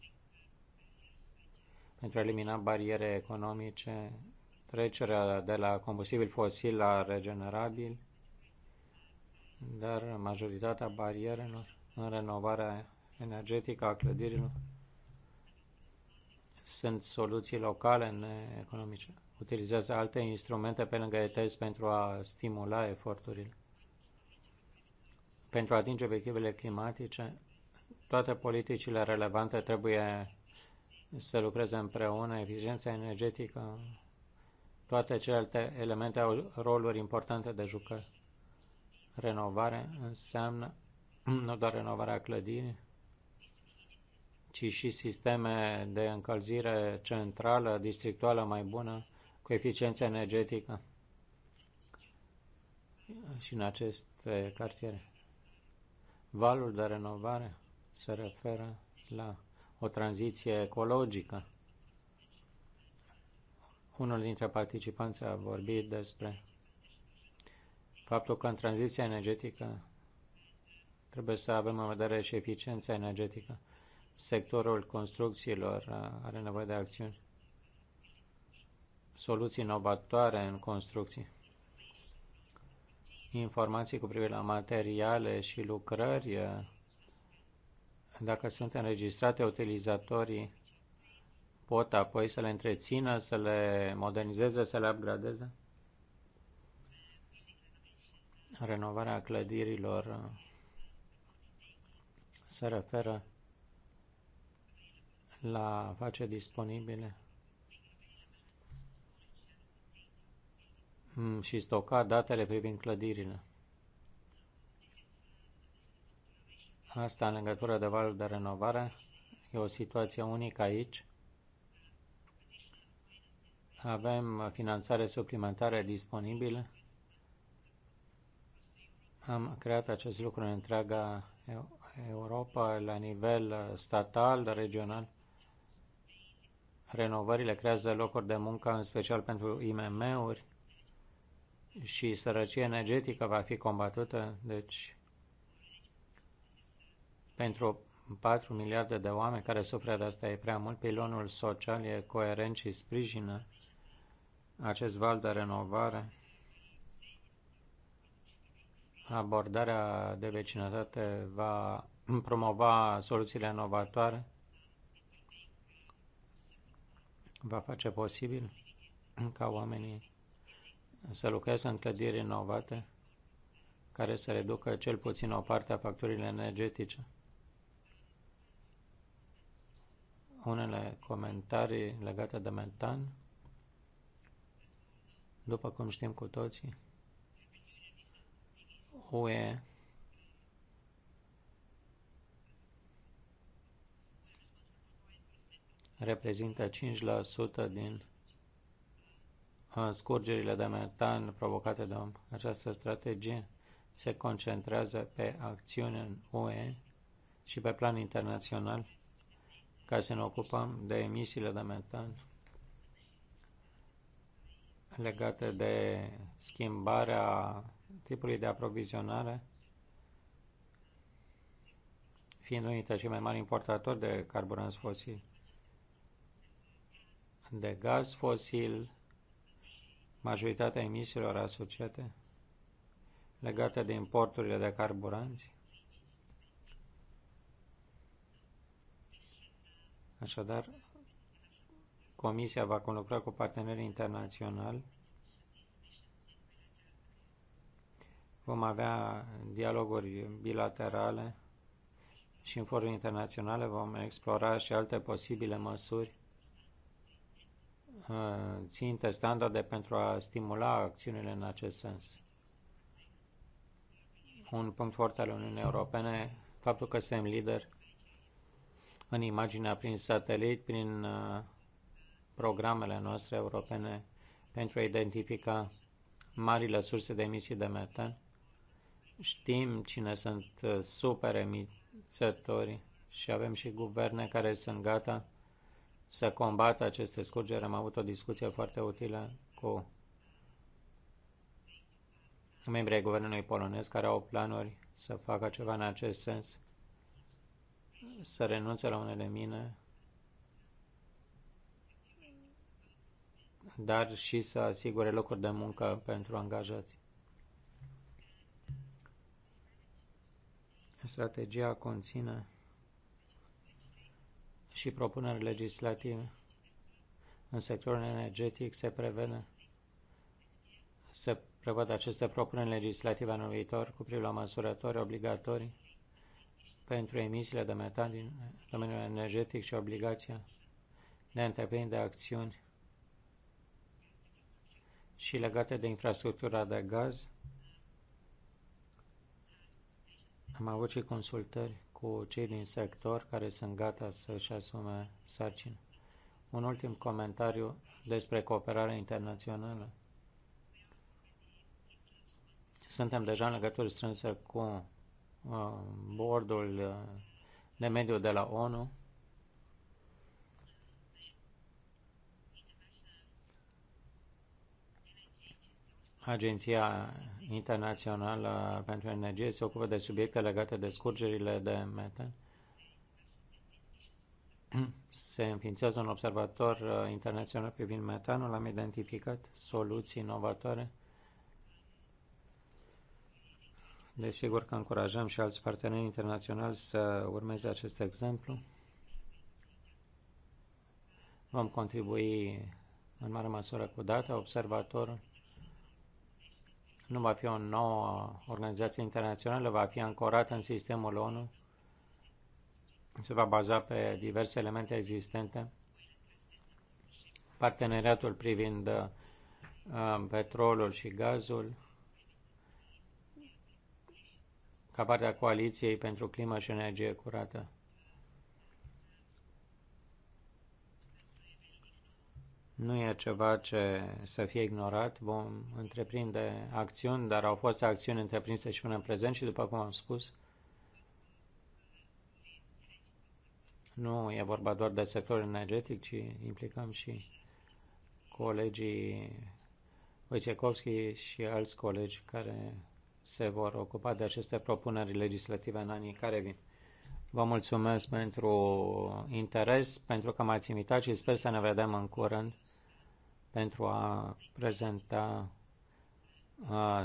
pentru a elimina bariere economice, trecerea de la combustibil fosil la regenerabil, dar majoritatea barierelor în renovarea energetică a clădirilor sunt soluții locale economice. Utilizează alte instrumente pe lângă ETS pentru a stimula eforturile. Pentru a atinge obiectivele climatice, toate politicile relevante trebuie să lucreze împreună, eficiența energetică, toate celelalte elemente au roluri importante de jucat. Renovare înseamnă nu doar renovarea clădirii, ci și sisteme de încălzire centrală, districtuală mai bună, cu eficiență energetică și în aceste cartiere. Valul de renovare se referă la o tranziție ecologică. Unul dintre participanți a vorbit despre faptul că în tranziția energetică trebuie să avem în vedere și eficiența energetică. Sectorul construcțiilor uh, are nevoie de acțiuni, soluții inovatoare în construcții, informații cu privire la materiale și lucrări. Uh, dacă sunt înregistrate, utilizatorii pot apoi să le întrețină, să le modernizeze, să le upgradeze renovarea clădirilor uh, se referă la face disponibile mm, și stoca datele privind clădirile. Asta în legătură de valul de renovare e o situație unică aici. Avem finanțare suplimentare disponibilă am creat acest lucru în întreaga Europa la nivel uh, statal, regional. Renovările creează locuri de muncă, în special pentru IMM-uri și sărăcia energetică va fi combatută, deci pentru 4 miliarde de oameni care suferă de asta e prea mult, pilonul social e coerent și sprijină acest val de renovare abordarea de vecinătate va promova soluțiile inovatoare, va face posibil ca oamenii să lucreze în clădiri inovate care să reducă cel puțin o parte a facturilor energetice. Unele comentarii legate de metan, după cum știm cu toții, UE. reprezintă 5% din uh, scurgerile de metan provocate de om. Această strategie se concentrează pe acțiune în UE și pe plan internațional ca să ne ocupăm de emisiile de metan legate de schimbarea tipului de aprovizionare, fiind unul dintre cei mai mari importatori de carburanți fosili, de gaz fosil, majoritatea emisiilor asociate legate de importurile de carburanți. Așadar, Comisia va conlucra cu partenerii internaționali Vom avea dialoguri bilaterale și în foruri internaționale vom explora și alte posibile măsuri, uh, ținte, standarde pentru a stimula acțiunile în acest sens. Un punct foarte al Uniunii Europene, faptul că suntem lider în imaginea prin satelit, prin uh, programele noastre europene pentru a identifica marile surse de emisii de metan Știm cine sunt uh, super emițători și avem și guverne care sunt gata să combată aceste scurgeri. Am avut o discuție foarte utilă cu membrii guvernului polonez care au planuri să facă ceva în acest sens, să renunțe la unele mine, dar și să asigure locuri de muncă pentru angajați. Strategia conține și propuneri legislative. În sectorul energetic se prevede se prevăd aceste propuneri legislative anul viitor cu privire la măsurători obligatorii pentru emisiile de metan din domeniul energetic și obligația de a întreprinde acțiuni și legate de infrastructura de gaz Am avut și consultări cu cei din sector care sunt gata să-și asume sarcină. Un ultim comentariu despre cooperarea internațională. Suntem deja în legături strânse cu uh, bordul uh, de mediu de la ONU Agenția Internațională pentru Energie se ocupă de subiecte legate de scurgerile de metan. Se înființează un observator uh, internațional privind metanul. Am identificat soluții inovatoare. Desigur că încurajăm și alți parteneri internaționali să urmeze acest exemplu. Vom contribui în mare măsură cu data observatorului nu va fi o nouă organizație internațională, va fi ancorată în sistemul ONU, se va baza pe diverse elemente existente. Parteneriatul privind uh, petrolul și gazul, ca partea coaliției pentru climă și energie curată. Nu e ceva ce să fie ignorat. Vom întreprinde acțiuni, dar au fost acțiuni întreprinse și până în prezent și, după cum am spus, nu e vorba doar de sectorul energetic, ci implicăm și colegii Wojciechowski și alți colegi care se vor ocupa de aceste propuneri legislative în anii care vin. Vă mulțumesc pentru interes, pentru că m-ați invitat și sper să ne vedem în curând pentru a prezenta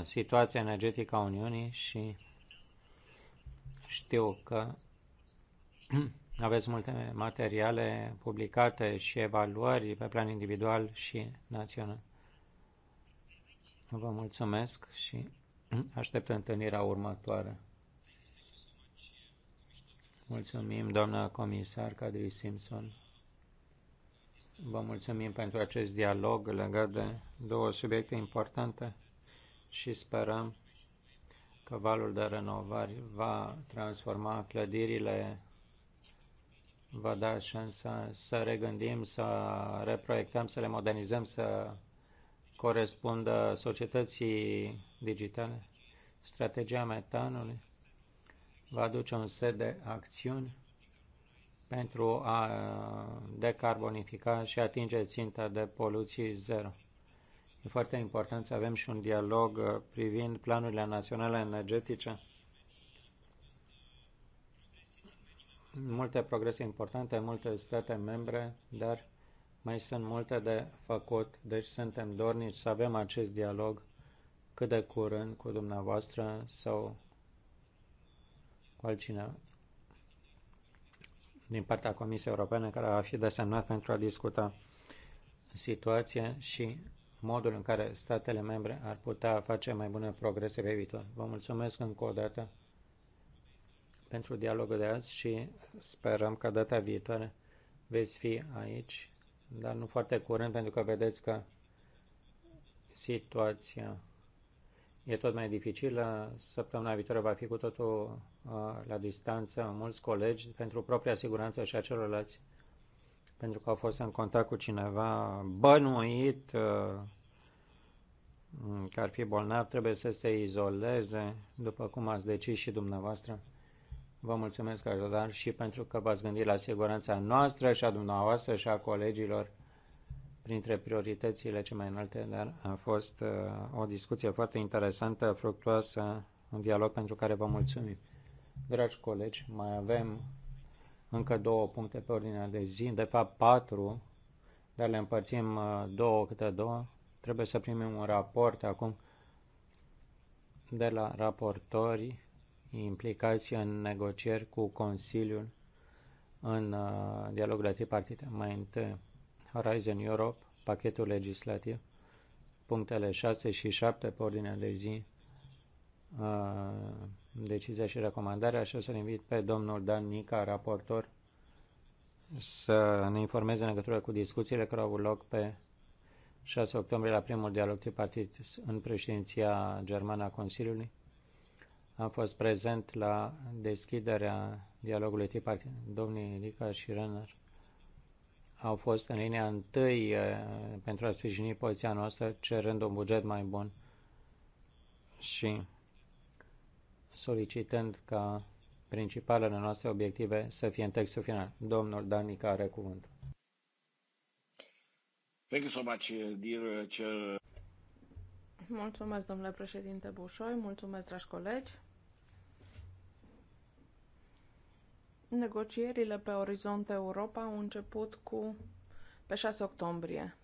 situația energetică a Uniunii și știu că <clears throat> aveți multe materiale publicate și evaluări pe plan individual și național. Vă mulțumesc și <clears throat> aștept întâlnirea următoare. Mulțumim, doamna comisar Cadri Simpson. Vă mulțumim pentru acest dialog legat de două subiecte importante și sperăm că valul de renovare va transforma clădirile, va da șansa să regândim, să reproiectăm, să le modernizăm, să corespundă societății digitale. Strategia metanului va aduce un set de acțiuni pentru a decarbonifica și atinge ținta de poluție zero. E foarte important să avem și un dialog privind planurile naționale energetice. Multe progrese importante, multe state membre, dar mai sunt multe de făcut, deci suntem dornici să avem acest dialog cât de curând cu dumneavoastră sau cu altcineva din partea Comisiei Europene care va fi desemnat pentru a discuta situația și modul în care statele membre ar putea face mai bune progrese pe viitor. Vă mulțumesc încă o dată pentru dialogul de azi și sperăm că data viitoare veți fi aici, dar nu foarte curând, pentru că vedeți că situația e tot mai dificilă. Săptămâna viitoare va fi cu totul uh, la distanță mulți colegi pentru propria siguranță și a celorlalți, pentru că au fost în contact cu cineva bănuit uh, că ar fi bolnav, trebuie să se izoleze, după cum ați decis și dumneavoastră. Vă mulțumesc așadar și pentru că v-ați gândit la siguranța noastră și a dumneavoastră și a colegilor printre prioritățile ce mai înalte, dar a fost uh, o discuție foarte interesantă, fructuoasă, un dialog pentru care vă mulțumim. Dragi colegi, mai avem încă două puncte pe ordinea de zi, de fapt patru, dar le împărțim uh, două câte două. Trebuie să primim un raport acum de la raportori implicați în negocieri cu Consiliul în uh, dialogul de tripartite. Mai întâi Horizon Europe, pachetul legislativ, punctele 6 și 7 pe ordinea de zi, decizia și recomandarea și o să-l invit pe domnul Dan Nica, raportor, să ne informeze în legătură cu discuțiile care au avut loc pe 6 octombrie la primul dialog tripartit în președinția germană a Consiliului. Am fost prezent la deschiderea dialogului tripartit. Domnii Lica și Renner au fost în linia întâi uh, pentru a sprijini poziția noastră, cerând un buget mai bun și solicitând ca principalele noastre obiective să fie în textul final. Domnul Danica are cuvântul. Thank you so much, dear chair. Mulțumesc, domnule președinte Bușoi, mulțumesc, dragi colegi. Negocierile pe Orizont Europa au început cu pe 6 octombrie,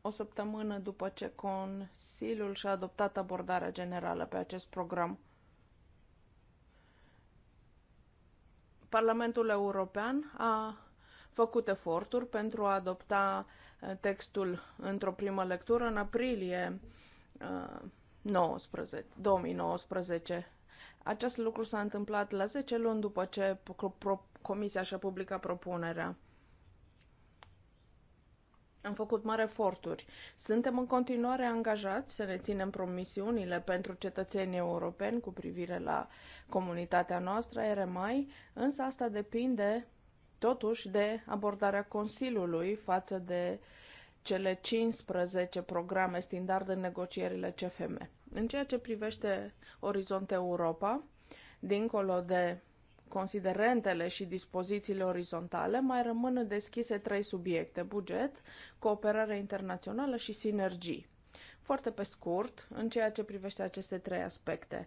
o săptămână după ce Consiliul și-a adoptat abordarea generală pe acest program. Parlamentul European a făcut eforturi pentru a adopta uh, textul într-o primă lectură în aprilie 19, uh, 2019 acest lucru s-a întâmplat la 10 luni după ce Comisia și-a publicat propunerea. Am făcut mari eforturi. Suntem în continuare angajați să ne ținem promisiunile pentru cetățenii europeni cu privire la comunitatea noastră, RMI, însă asta depinde totuși de abordarea Consiliului față de cele 15 programe standard în negocierile CFM. În ceea ce privește Orizont Europa, dincolo de considerentele și dispozițiile orizontale, mai rămân deschise trei subiecte: buget, cooperare internațională și sinergii. Foarte pe scurt, în ceea ce privește aceste trei aspecte,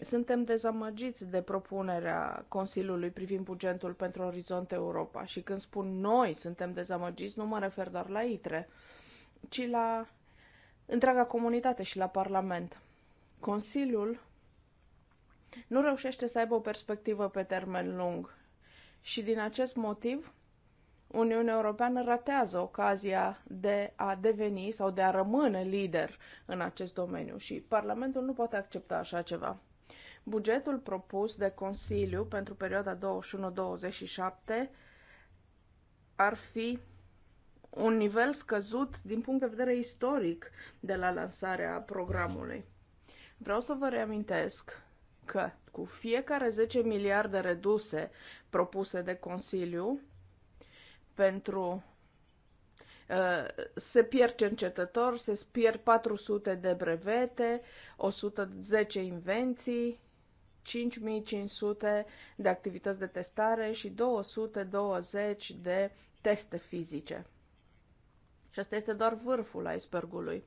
suntem dezamăgiți de propunerea Consiliului privind bugetul pentru Orizont Europa și când spun noi suntem dezamăgiți, nu mă refer doar la ITRE, ci la întreaga comunitate și la Parlament. Consiliul nu reușește să aibă o perspectivă pe termen lung și din acest motiv Uniunea Europeană ratează ocazia de a deveni sau de a rămâne lider în acest domeniu și Parlamentul nu poate accepta așa ceva. Bugetul propus de Consiliu pentru perioada 21-27 ar fi un nivel scăzut din punct de vedere istoric de la lansarea programului. Vreau să vă reamintesc că cu fiecare 10 miliarde reduse propuse de Consiliu pentru uh, se pierd cercetători, se pierd 400 de brevete, 110 invenții, 5500 de activități de testare și 220 de teste fizice. Și asta este doar vârful icebergului.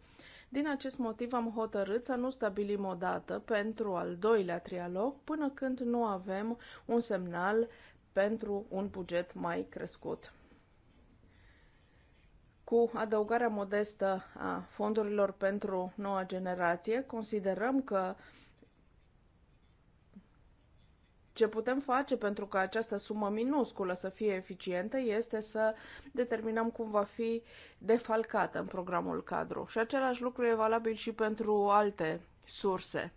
Din acest motiv am hotărât să nu stabilim o dată pentru al doilea trialog până când nu avem un semnal pentru un buget mai crescut. Cu adăugarea modestă a fondurilor pentru noua generație, considerăm că uh, ce putem face pentru ca această sumă minusculă să fie eficientă este să determinăm cum va fi defalcată în programul cadru. Și același lucru e valabil și pentru alte surse.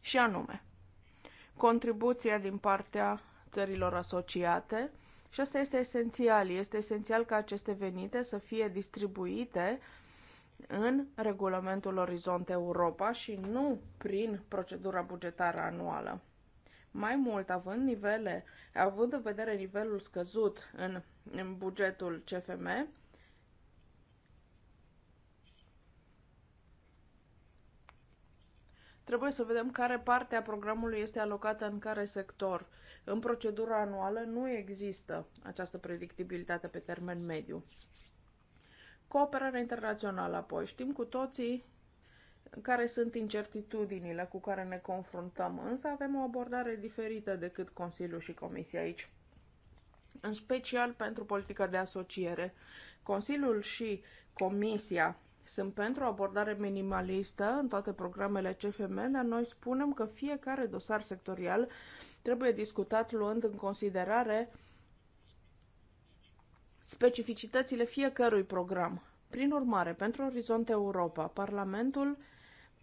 Și anume, contribuția din partea țărilor asociate, și asta este esențial. Este esențial ca aceste venite să fie distribuite în regulamentul Orizont Europa și nu prin procedura bugetară anuală. Mai mult, având nivele, având în vedere nivelul scăzut în, în bugetul CFM, trebuie să vedem care parte a programului este alocată în care sector. În procedura anuală nu există această predictibilitate pe termen mediu. Cooperarea internațională, apoi știm cu toții care sunt incertitudinile cu care ne confruntăm, însă avem o abordare diferită decât Consiliul și Comisia aici, în special pentru politica de asociere. Consiliul și Comisia sunt pentru o abordare minimalistă în toate programele CFM, dar noi spunem că fiecare dosar sectorial trebuie discutat luând în considerare specificitățile fiecărui program. Prin urmare, pentru Orizont Europa, Parlamentul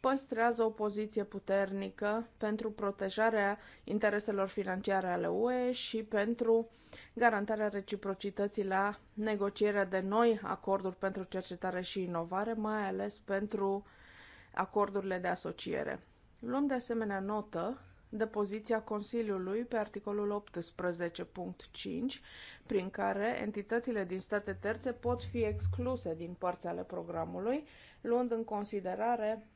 păstrează o poziție puternică pentru protejarea intereselor financiare ale UE și pentru garantarea reciprocității la negocierea de noi acorduri pentru cercetare și inovare, mai ales pentru acordurile de asociere. Luăm de asemenea notă de poziția Consiliului pe articolul 18.5, prin care entitățile din state terțe pot fi excluse din părți ale programului, luând în considerare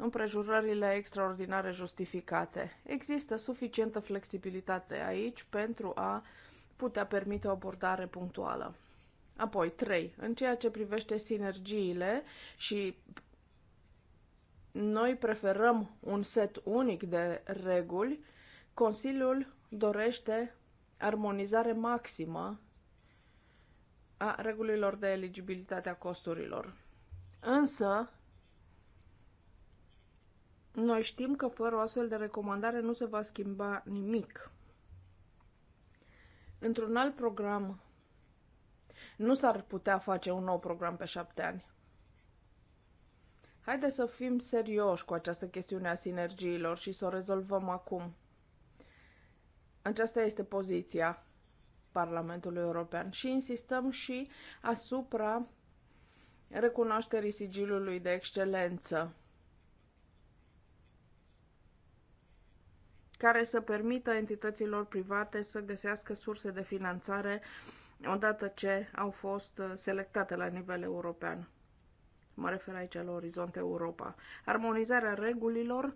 împrejurările extraordinare justificate. Există suficientă flexibilitate aici pentru a putea permite o abordare punctuală. Apoi, 3. În ceea ce privește sinergiile și noi preferăm un set unic de reguli, Consiliul dorește armonizare maximă a regulilor de eligibilitate a costurilor. Însă, noi știm că fără o astfel de recomandare nu se va schimba nimic. Într-un alt program nu s-ar putea face un nou program pe șapte ani. Haideți să fim serioși cu această chestiune a sinergiilor și să o rezolvăm acum. Aceasta este poziția Parlamentului European și insistăm și asupra recunoașterii sigilului de excelență care să permită entităților private să găsească surse de finanțare odată ce au fost uh, selectate la nivel european. Mă refer aici la Orizont Europa. Armonizarea regulilor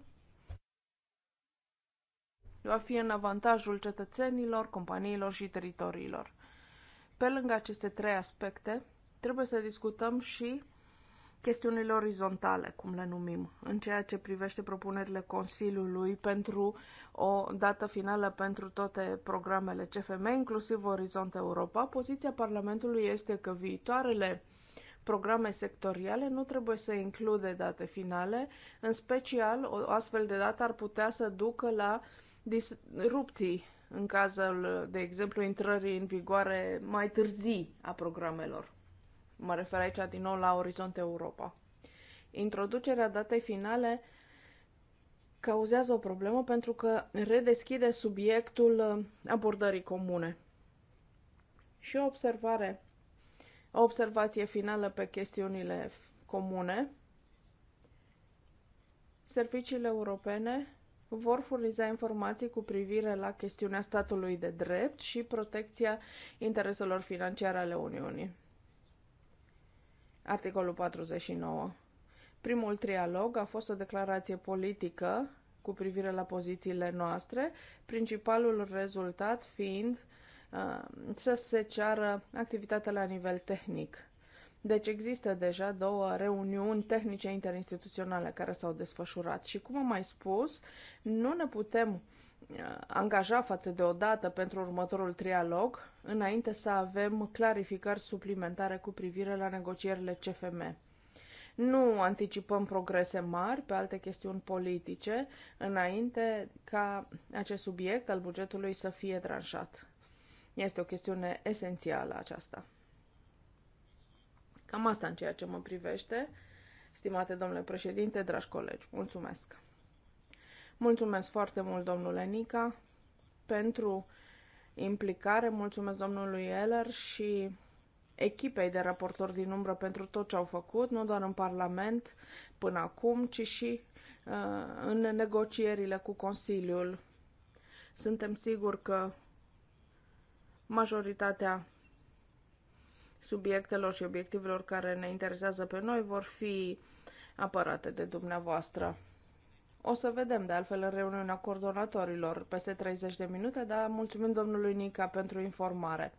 va fi în avantajul cetățenilor, companiilor și teritoriilor. Pe lângă aceste trei aspecte, trebuie să discutăm și chestiunile orizontale, cum le numim, în ceea ce privește propunerile Consiliului pentru o dată finală pentru toate programele CFM, inclusiv Orizont Europa, poziția Parlamentului este că viitoarele programe sectoriale nu trebuie să include date finale, în special o astfel de dată ar putea să ducă la disrupții în cazul, de exemplu, intrării în vigoare mai târzii a programelor. Mă refer aici din nou la Orizont Europa. Introducerea datei finale cauzează o problemă pentru că redeschide subiectul uh, abordării comune. Și o observare, o observație finală pe chestiunile comune. Serviciile europene vor furniza informații cu privire la chestiunea statului de drept și protecția intereselor financiare ale Uniunii. Articolul 49. Primul trialog a fost o declarație politică cu privire la pozițiile noastre, principalul rezultat fiind uh, să se ceară activitatea la nivel tehnic. Deci există deja două reuniuni tehnice interinstituționale care s-au desfășurat și, cum am mai spus, nu ne putem Uh, angaja față de o dată pentru următorul trialog, înainte să avem clarificări suplimentare cu privire la negocierile CFM. Nu anticipăm progrese mari pe alte chestiuni politice înainte ca acest subiect al bugetului să fie tranșat. Este o chestiune esențială aceasta. Cam asta în ceea ce mă privește, stimate domnule președinte, dragi colegi. Mulțumesc! Mulțumesc foarte mult, domnule Nica, pentru implicare. Mulțumesc domnului Eller și echipei de raportori din umbră pentru tot ce au făcut, nu doar în Parlament până acum, ci și uh, în negocierile cu Consiliul. Suntem siguri că majoritatea subiectelor și obiectivelor care ne interesează pe noi vor fi apărate de dumneavoastră. O să vedem de altfel în reuniunea coordonatorilor peste 30 de minute, dar mulțumim domnului Nica pentru informare.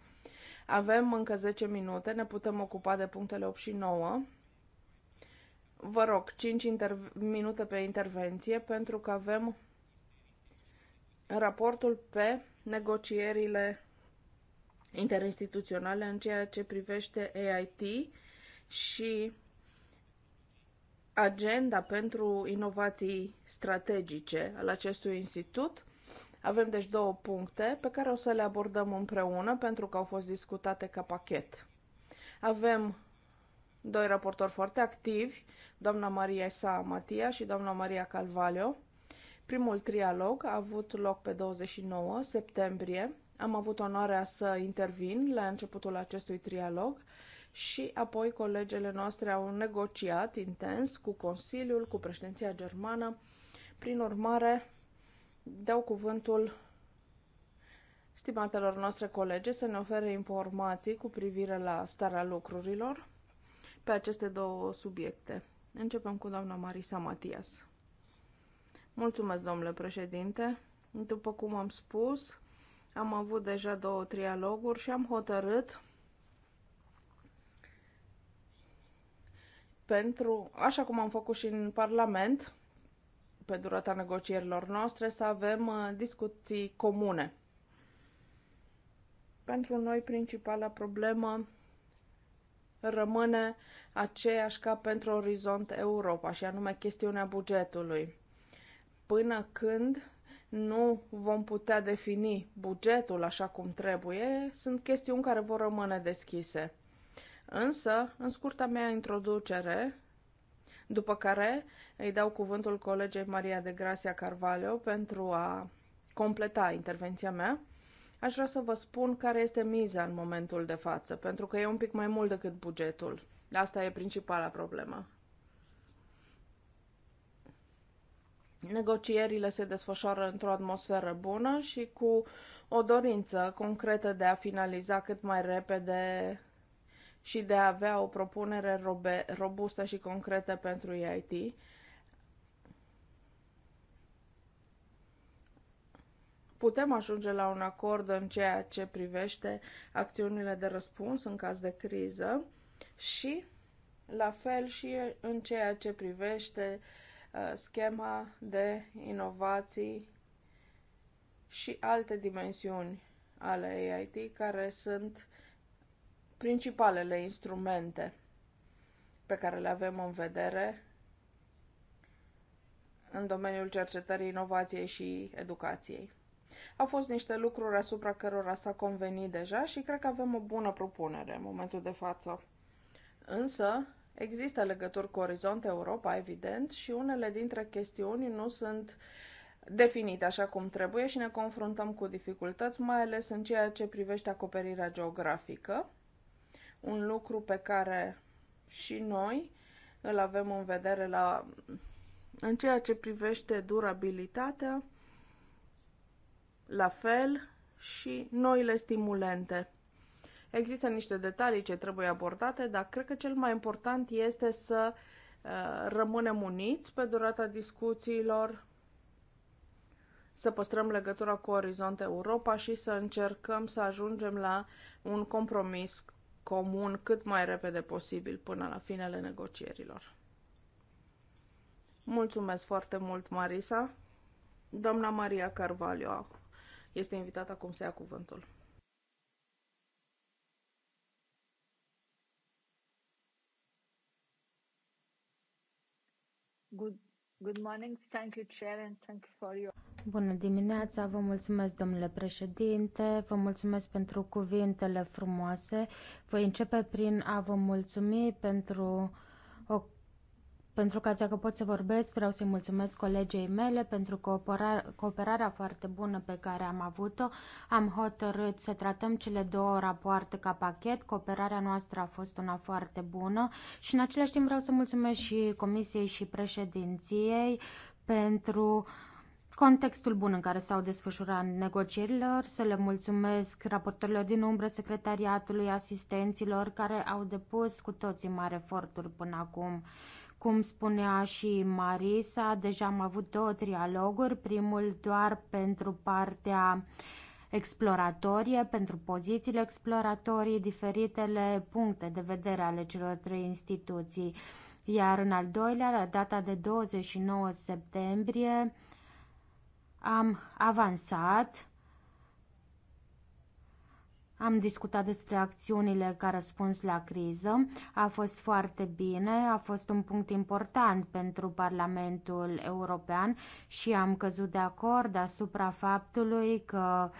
Avem încă 10 minute, ne putem ocupa de punctele 8 și 9. Vă rog, 5 minute pe intervenție pentru că avem raportul pe negocierile interinstituționale în ceea ce privește AIT și agenda pentru inovații strategice al acestui institut. Avem deci două puncte pe care o să le abordăm împreună pentru că au fost discutate ca pachet. Avem doi raportori foarte activi, doamna Maria Sa Matia și doamna Maria Calvalio. Primul trialog a avut loc pe 29 septembrie. Am avut onoarea să intervin la începutul acestui trialog și apoi colegele noastre au negociat intens cu Consiliul, cu președinția germană. Prin urmare, dau cuvântul stimatelor noastre colege să ne ofere informații cu privire la starea lucrurilor pe aceste două subiecte. Începem cu doamna Marisa Matias. Mulțumesc, domnule președinte. După cum am spus, am avut deja două trialoguri și am hotărât pentru, așa cum am făcut și în Parlament, pe durata negocierilor noastre, să avem uh, discuții comune. Pentru noi, principala problemă rămâne aceeași ca pentru Orizont Europa, și anume chestiunea bugetului. Până când nu vom putea defini bugetul așa cum trebuie, sunt chestiuni care vor rămâne deschise. Însă, în scurta mea introducere, după care îi dau cuvântul colegei Maria de Gracia Carvalho pentru a completa intervenția mea, aș vrea să vă spun care este miza în momentul de față, pentru că e un pic mai mult decât bugetul. Asta e principala problemă. Negocierile se desfășoară într-o atmosferă bună și cu o dorință concretă de a finaliza cât mai repede și de a avea o propunere robustă și concretă pentru EIT. Putem ajunge la un acord în ceea ce privește acțiunile de răspuns în caz de criză și la fel și în ceea ce privește uh, schema de inovații și alte dimensiuni ale AIT care sunt Principalele instrumente pe care le avem în vedere în domeniul cercetării, inovației și educației. Au fost niște lucruri asupra cărora s-a convenit deja și cred că avem o bună propunere în momentul de față. Însă, există legături cu Orizont Europa, evident, și unele dintre chestiuni nu sunt definite așa cum trebuie și ne confruntăm cu dificultăți, mai ales în ceea ce privește acoperirea geografică, un lucru pe care și noi îl avem în vedere la, în ceea ce privește durabilitatea, la fel și noile stimulente. Există niște detalii ce trebuie abordate, dar cred că cel mai important este să uh, rămânem uniți pe durata discuțiilor, să păstrăm legătura cu Orizont Europa și să încercăm să ajungem la un compromis comun cât mai repede posibil până la finele negocierilor. Mulțumesc foarte mult, Marisa. Doamna Maria Carvalho este invitată acum să ia cuvântul. Good, good morning. Thank you, Chair, and thank you for your... Bună dimineața, vă mulțumesc domnule președinte, vă mulțumesc pentru cuvintele frumoase. Voi începe prin a vă mulțumi pentru o pentru că dacă pot să vorbesc, vreau să-i mulțumesc colegei mele pentru cooperarea, cooperarea foarte bună pe care am avut-o. Am hotărât să tratăm cele două rapoarte ca pachet. Cooperarea noastră a fost una foarte bună și în același timp vreau să mulțumesc și Comisiei și președinției pentru uh, contextul bun în care s-au desfășurat negocierilor, să le mulțumesc raportorilor din umbră, secretariatului, asistenților care au depus cu toții mari eforturi până acum. Cum spunea și Marisa, deja am avut două trialoguri, primul doar pentru partea exploratorie, pentru pozițiile exploratorii, diferitele puncte de vedere ale celor trei instituții. Iar în al doilea, la data de 29 septembrie, am avansat, am discutat despre acțiunile ca răspuns la criză. A fost foarte bine, a fost un punct important pentru Parlamentul European și am căzut de acord asupra faptului că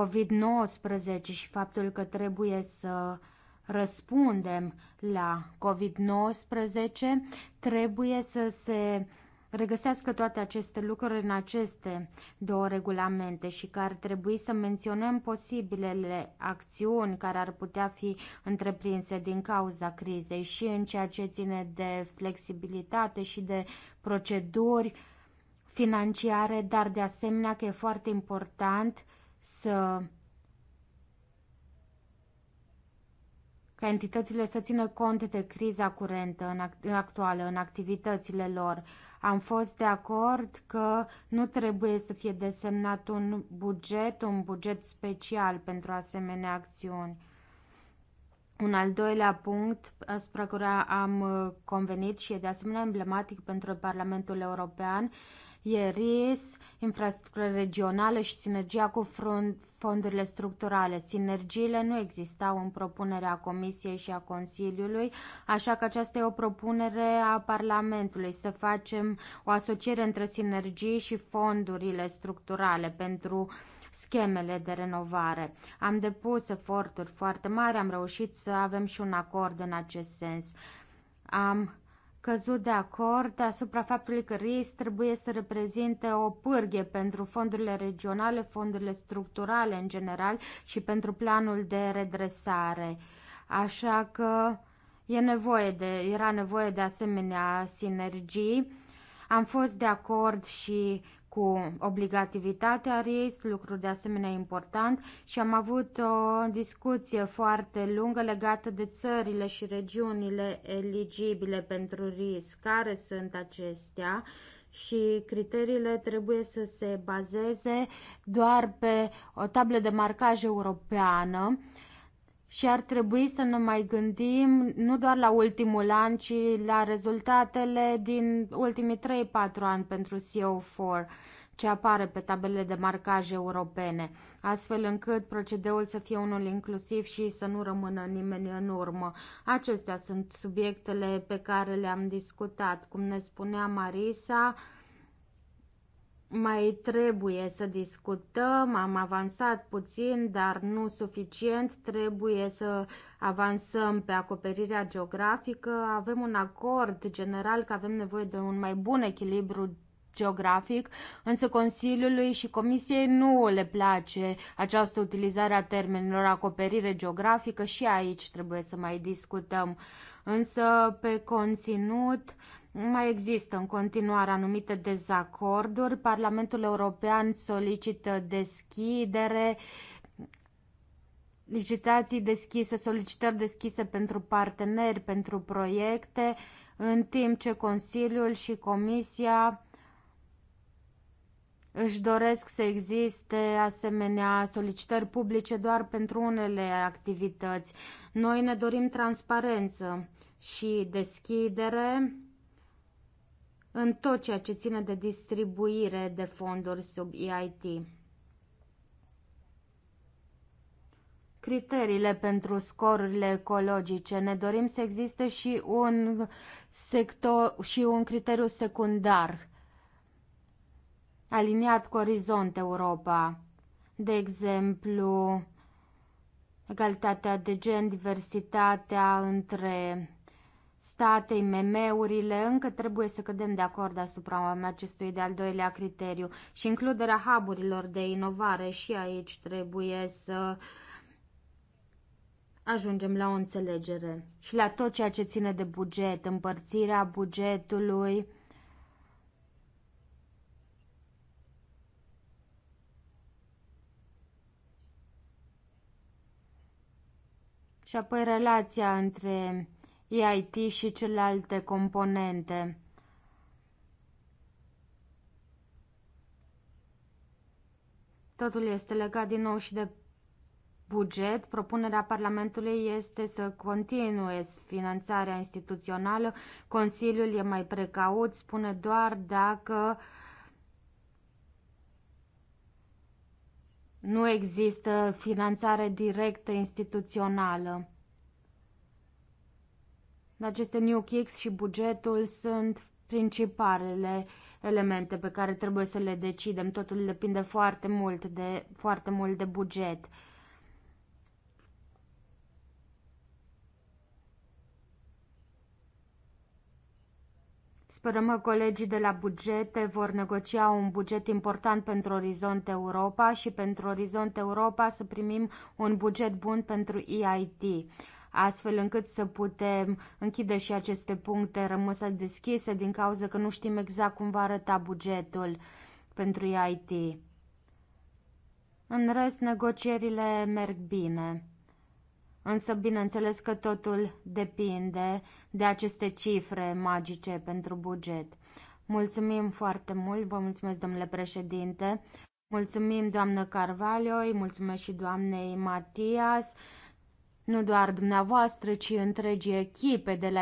COVID-19 și faptul că trebuie să răspundem la COVID-19 trebuie să se regăsească toate aceste lucruri în aceste două regulamente și că ar trebui să menționăm posibilele acțiuni care ar putea fi întreprinse din cauza crizei și în ceea ce ține de flexibilitate și de proceduri financiare, dar de asemenea că e foarte important să ca entitățile să țină cont de criza curentă în actuală în activitățile lor. Am fost de acord că nu trebuie să fie desemnat un buget, un buget special pentru asemenea acțiuni. Un al doilea punct asupra care am uh, convenit și e de asemenea emblematic pentru Parlamentul European IRIS, infrastructură regională și sinergia cu fondurile structurale. Sinergiile nu existau în propunerea Comisiei și a Consiliului, așa că aceasta e o propunere a Parlamentului să facem o asociere între sinergii și fondurile structurale pentru schemele de renovare. Am depus eforturi foarte mari, am reușit să avem și un acord în acest sens. Am căzut de acord asupra faptului că RIS trebuie să reprezinte o pârghie pentru fondurile regionale, fondurile structurale în general și pentru planul de redresare. Așa că e nevoie de, era nevoie de asemenea sinergii. Am fost de acord și cu obligativitatea RIS, lucru de asemenea important și am avut o discuție foarte lungă legată de țările și regiunile eligibile pentru RIS, care sunt acestea și criteriile trebuie să se bazeze doar pe o tablă de marcaj europeană și ar trebui să ne mai gândim nu doar la ultimul an, ci la rezultatele din ultimii 3-4 ani pentru CO4 ce apare pe tabelele de marcaj europene, astfel încât procedeul să fie unul inclusiv și să nu rămână nimeni în urmă. Acestea sunt subiectele pe care le-am discutat. Cum ne spunea Marisa, mai trebuie să discutăm, am avansat puțin, dar nu suficient, trebuie să avansăm pe acoperirea geografică, avem un acord general că avem nevoie de un mai bun echilibru geografic, însă Consiliului și Comisiei nu le place această utilizare a termenilor acoperire geografică și aici trebuie să mai discutăm. Însă pe conținut mai există în continuare anumite dezacorduri. Parlamentul European solicită deschidere, licitații deschise, solicitări deschise pentru parteneri, pentru proiecte, în timp ce Consiliul și Comisia își doresc să existe asemenea solicitări publice doar pentru unele activități. Noi ne dorim transparență și deschidere în tot ceea ce ține de distribuire de fonduri sub EIT. criteriile pentru scorurile ecologice. Ne dorim să existe și un sector și un criteriu secundar aliniat cu Orizont Europa. De exemplu, egalitatea de gen, diversitatea între statei, IMM-urile, încă trebuie să cădem de acord asupra acestui de-al doilea criteriu și includerea haburilor de inovare și aici trebuie să ajungem la o înțelegere și la tot ceea ce ține de buget, împărțirea bugetului, și apoi relația între EIT și celelalte componente. Totul este legat din nou și de buget. Propunerea Parlamentului este să continue finanțarea instituțională. Consiliul e mai precaut, spune doar dacă nu există finanțare directă instituțională. Aceste new kicks și bugetul sunt principalele elemente pe care trebuie să le decidem. Totul depinde foarte mult de, foarte mult de buget. Sperăm că colegii de la bugete vor negocia un buget important pentru Orizont Europa și pentru Orizont Europa să primim un buget bun pentru EIT astfel încât să putem închide și aceste puncte rămase deschise din cauza că nu știm exact cum va arăta bugetul pentru IT. În rest, negocierile merg bine. Însă, bineînțeles că totul depinde de aceste cifre magice pentru buget. Mulțumim foarte mult, vă mulțumesc, domnule președinte. Mulțumim, doamnă Carvalho, îi mulțumesc și doamnei Matias nu doar dumneavoastră, ci întregii echipe de la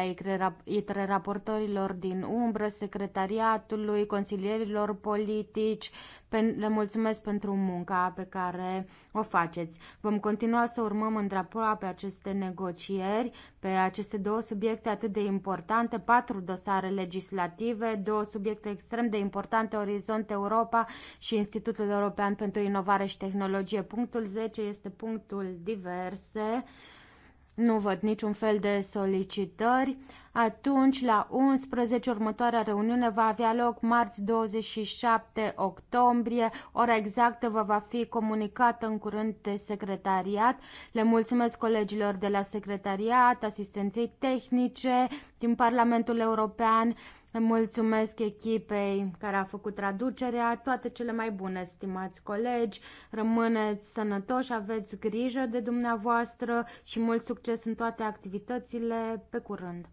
ITRE raportorilor din umbră, secretariatului, consilierilor politici. Le mulțumesc pentru munca pe care o faceți. Vom continua să urmăm pe aceste negocieri pe aceste două subiecte atât de importante, patru dosare legislative, două subiecte extrem de importante, Orizont Europa și Institutul European pentru Inovare și Tehnologie. Punctul 10 este punctul diverse. Nu văd niciun fel de solicitări. Atunci, la 11, următoarea reuniune va avea loc marți 27 octombrie. Ora exactă vă va fi comunicată în curând de secretariat. Le mulțumesc colegilor de la secretariat, asistenței tehnice din Parlamentul European Mulțumesc echipei care a făcut traducerea, toate cele mai bune, stimați colegi, rămâneți sănătoși, aveți grijă de dumneavoastră și mult succes în toate activitățile, pe curând!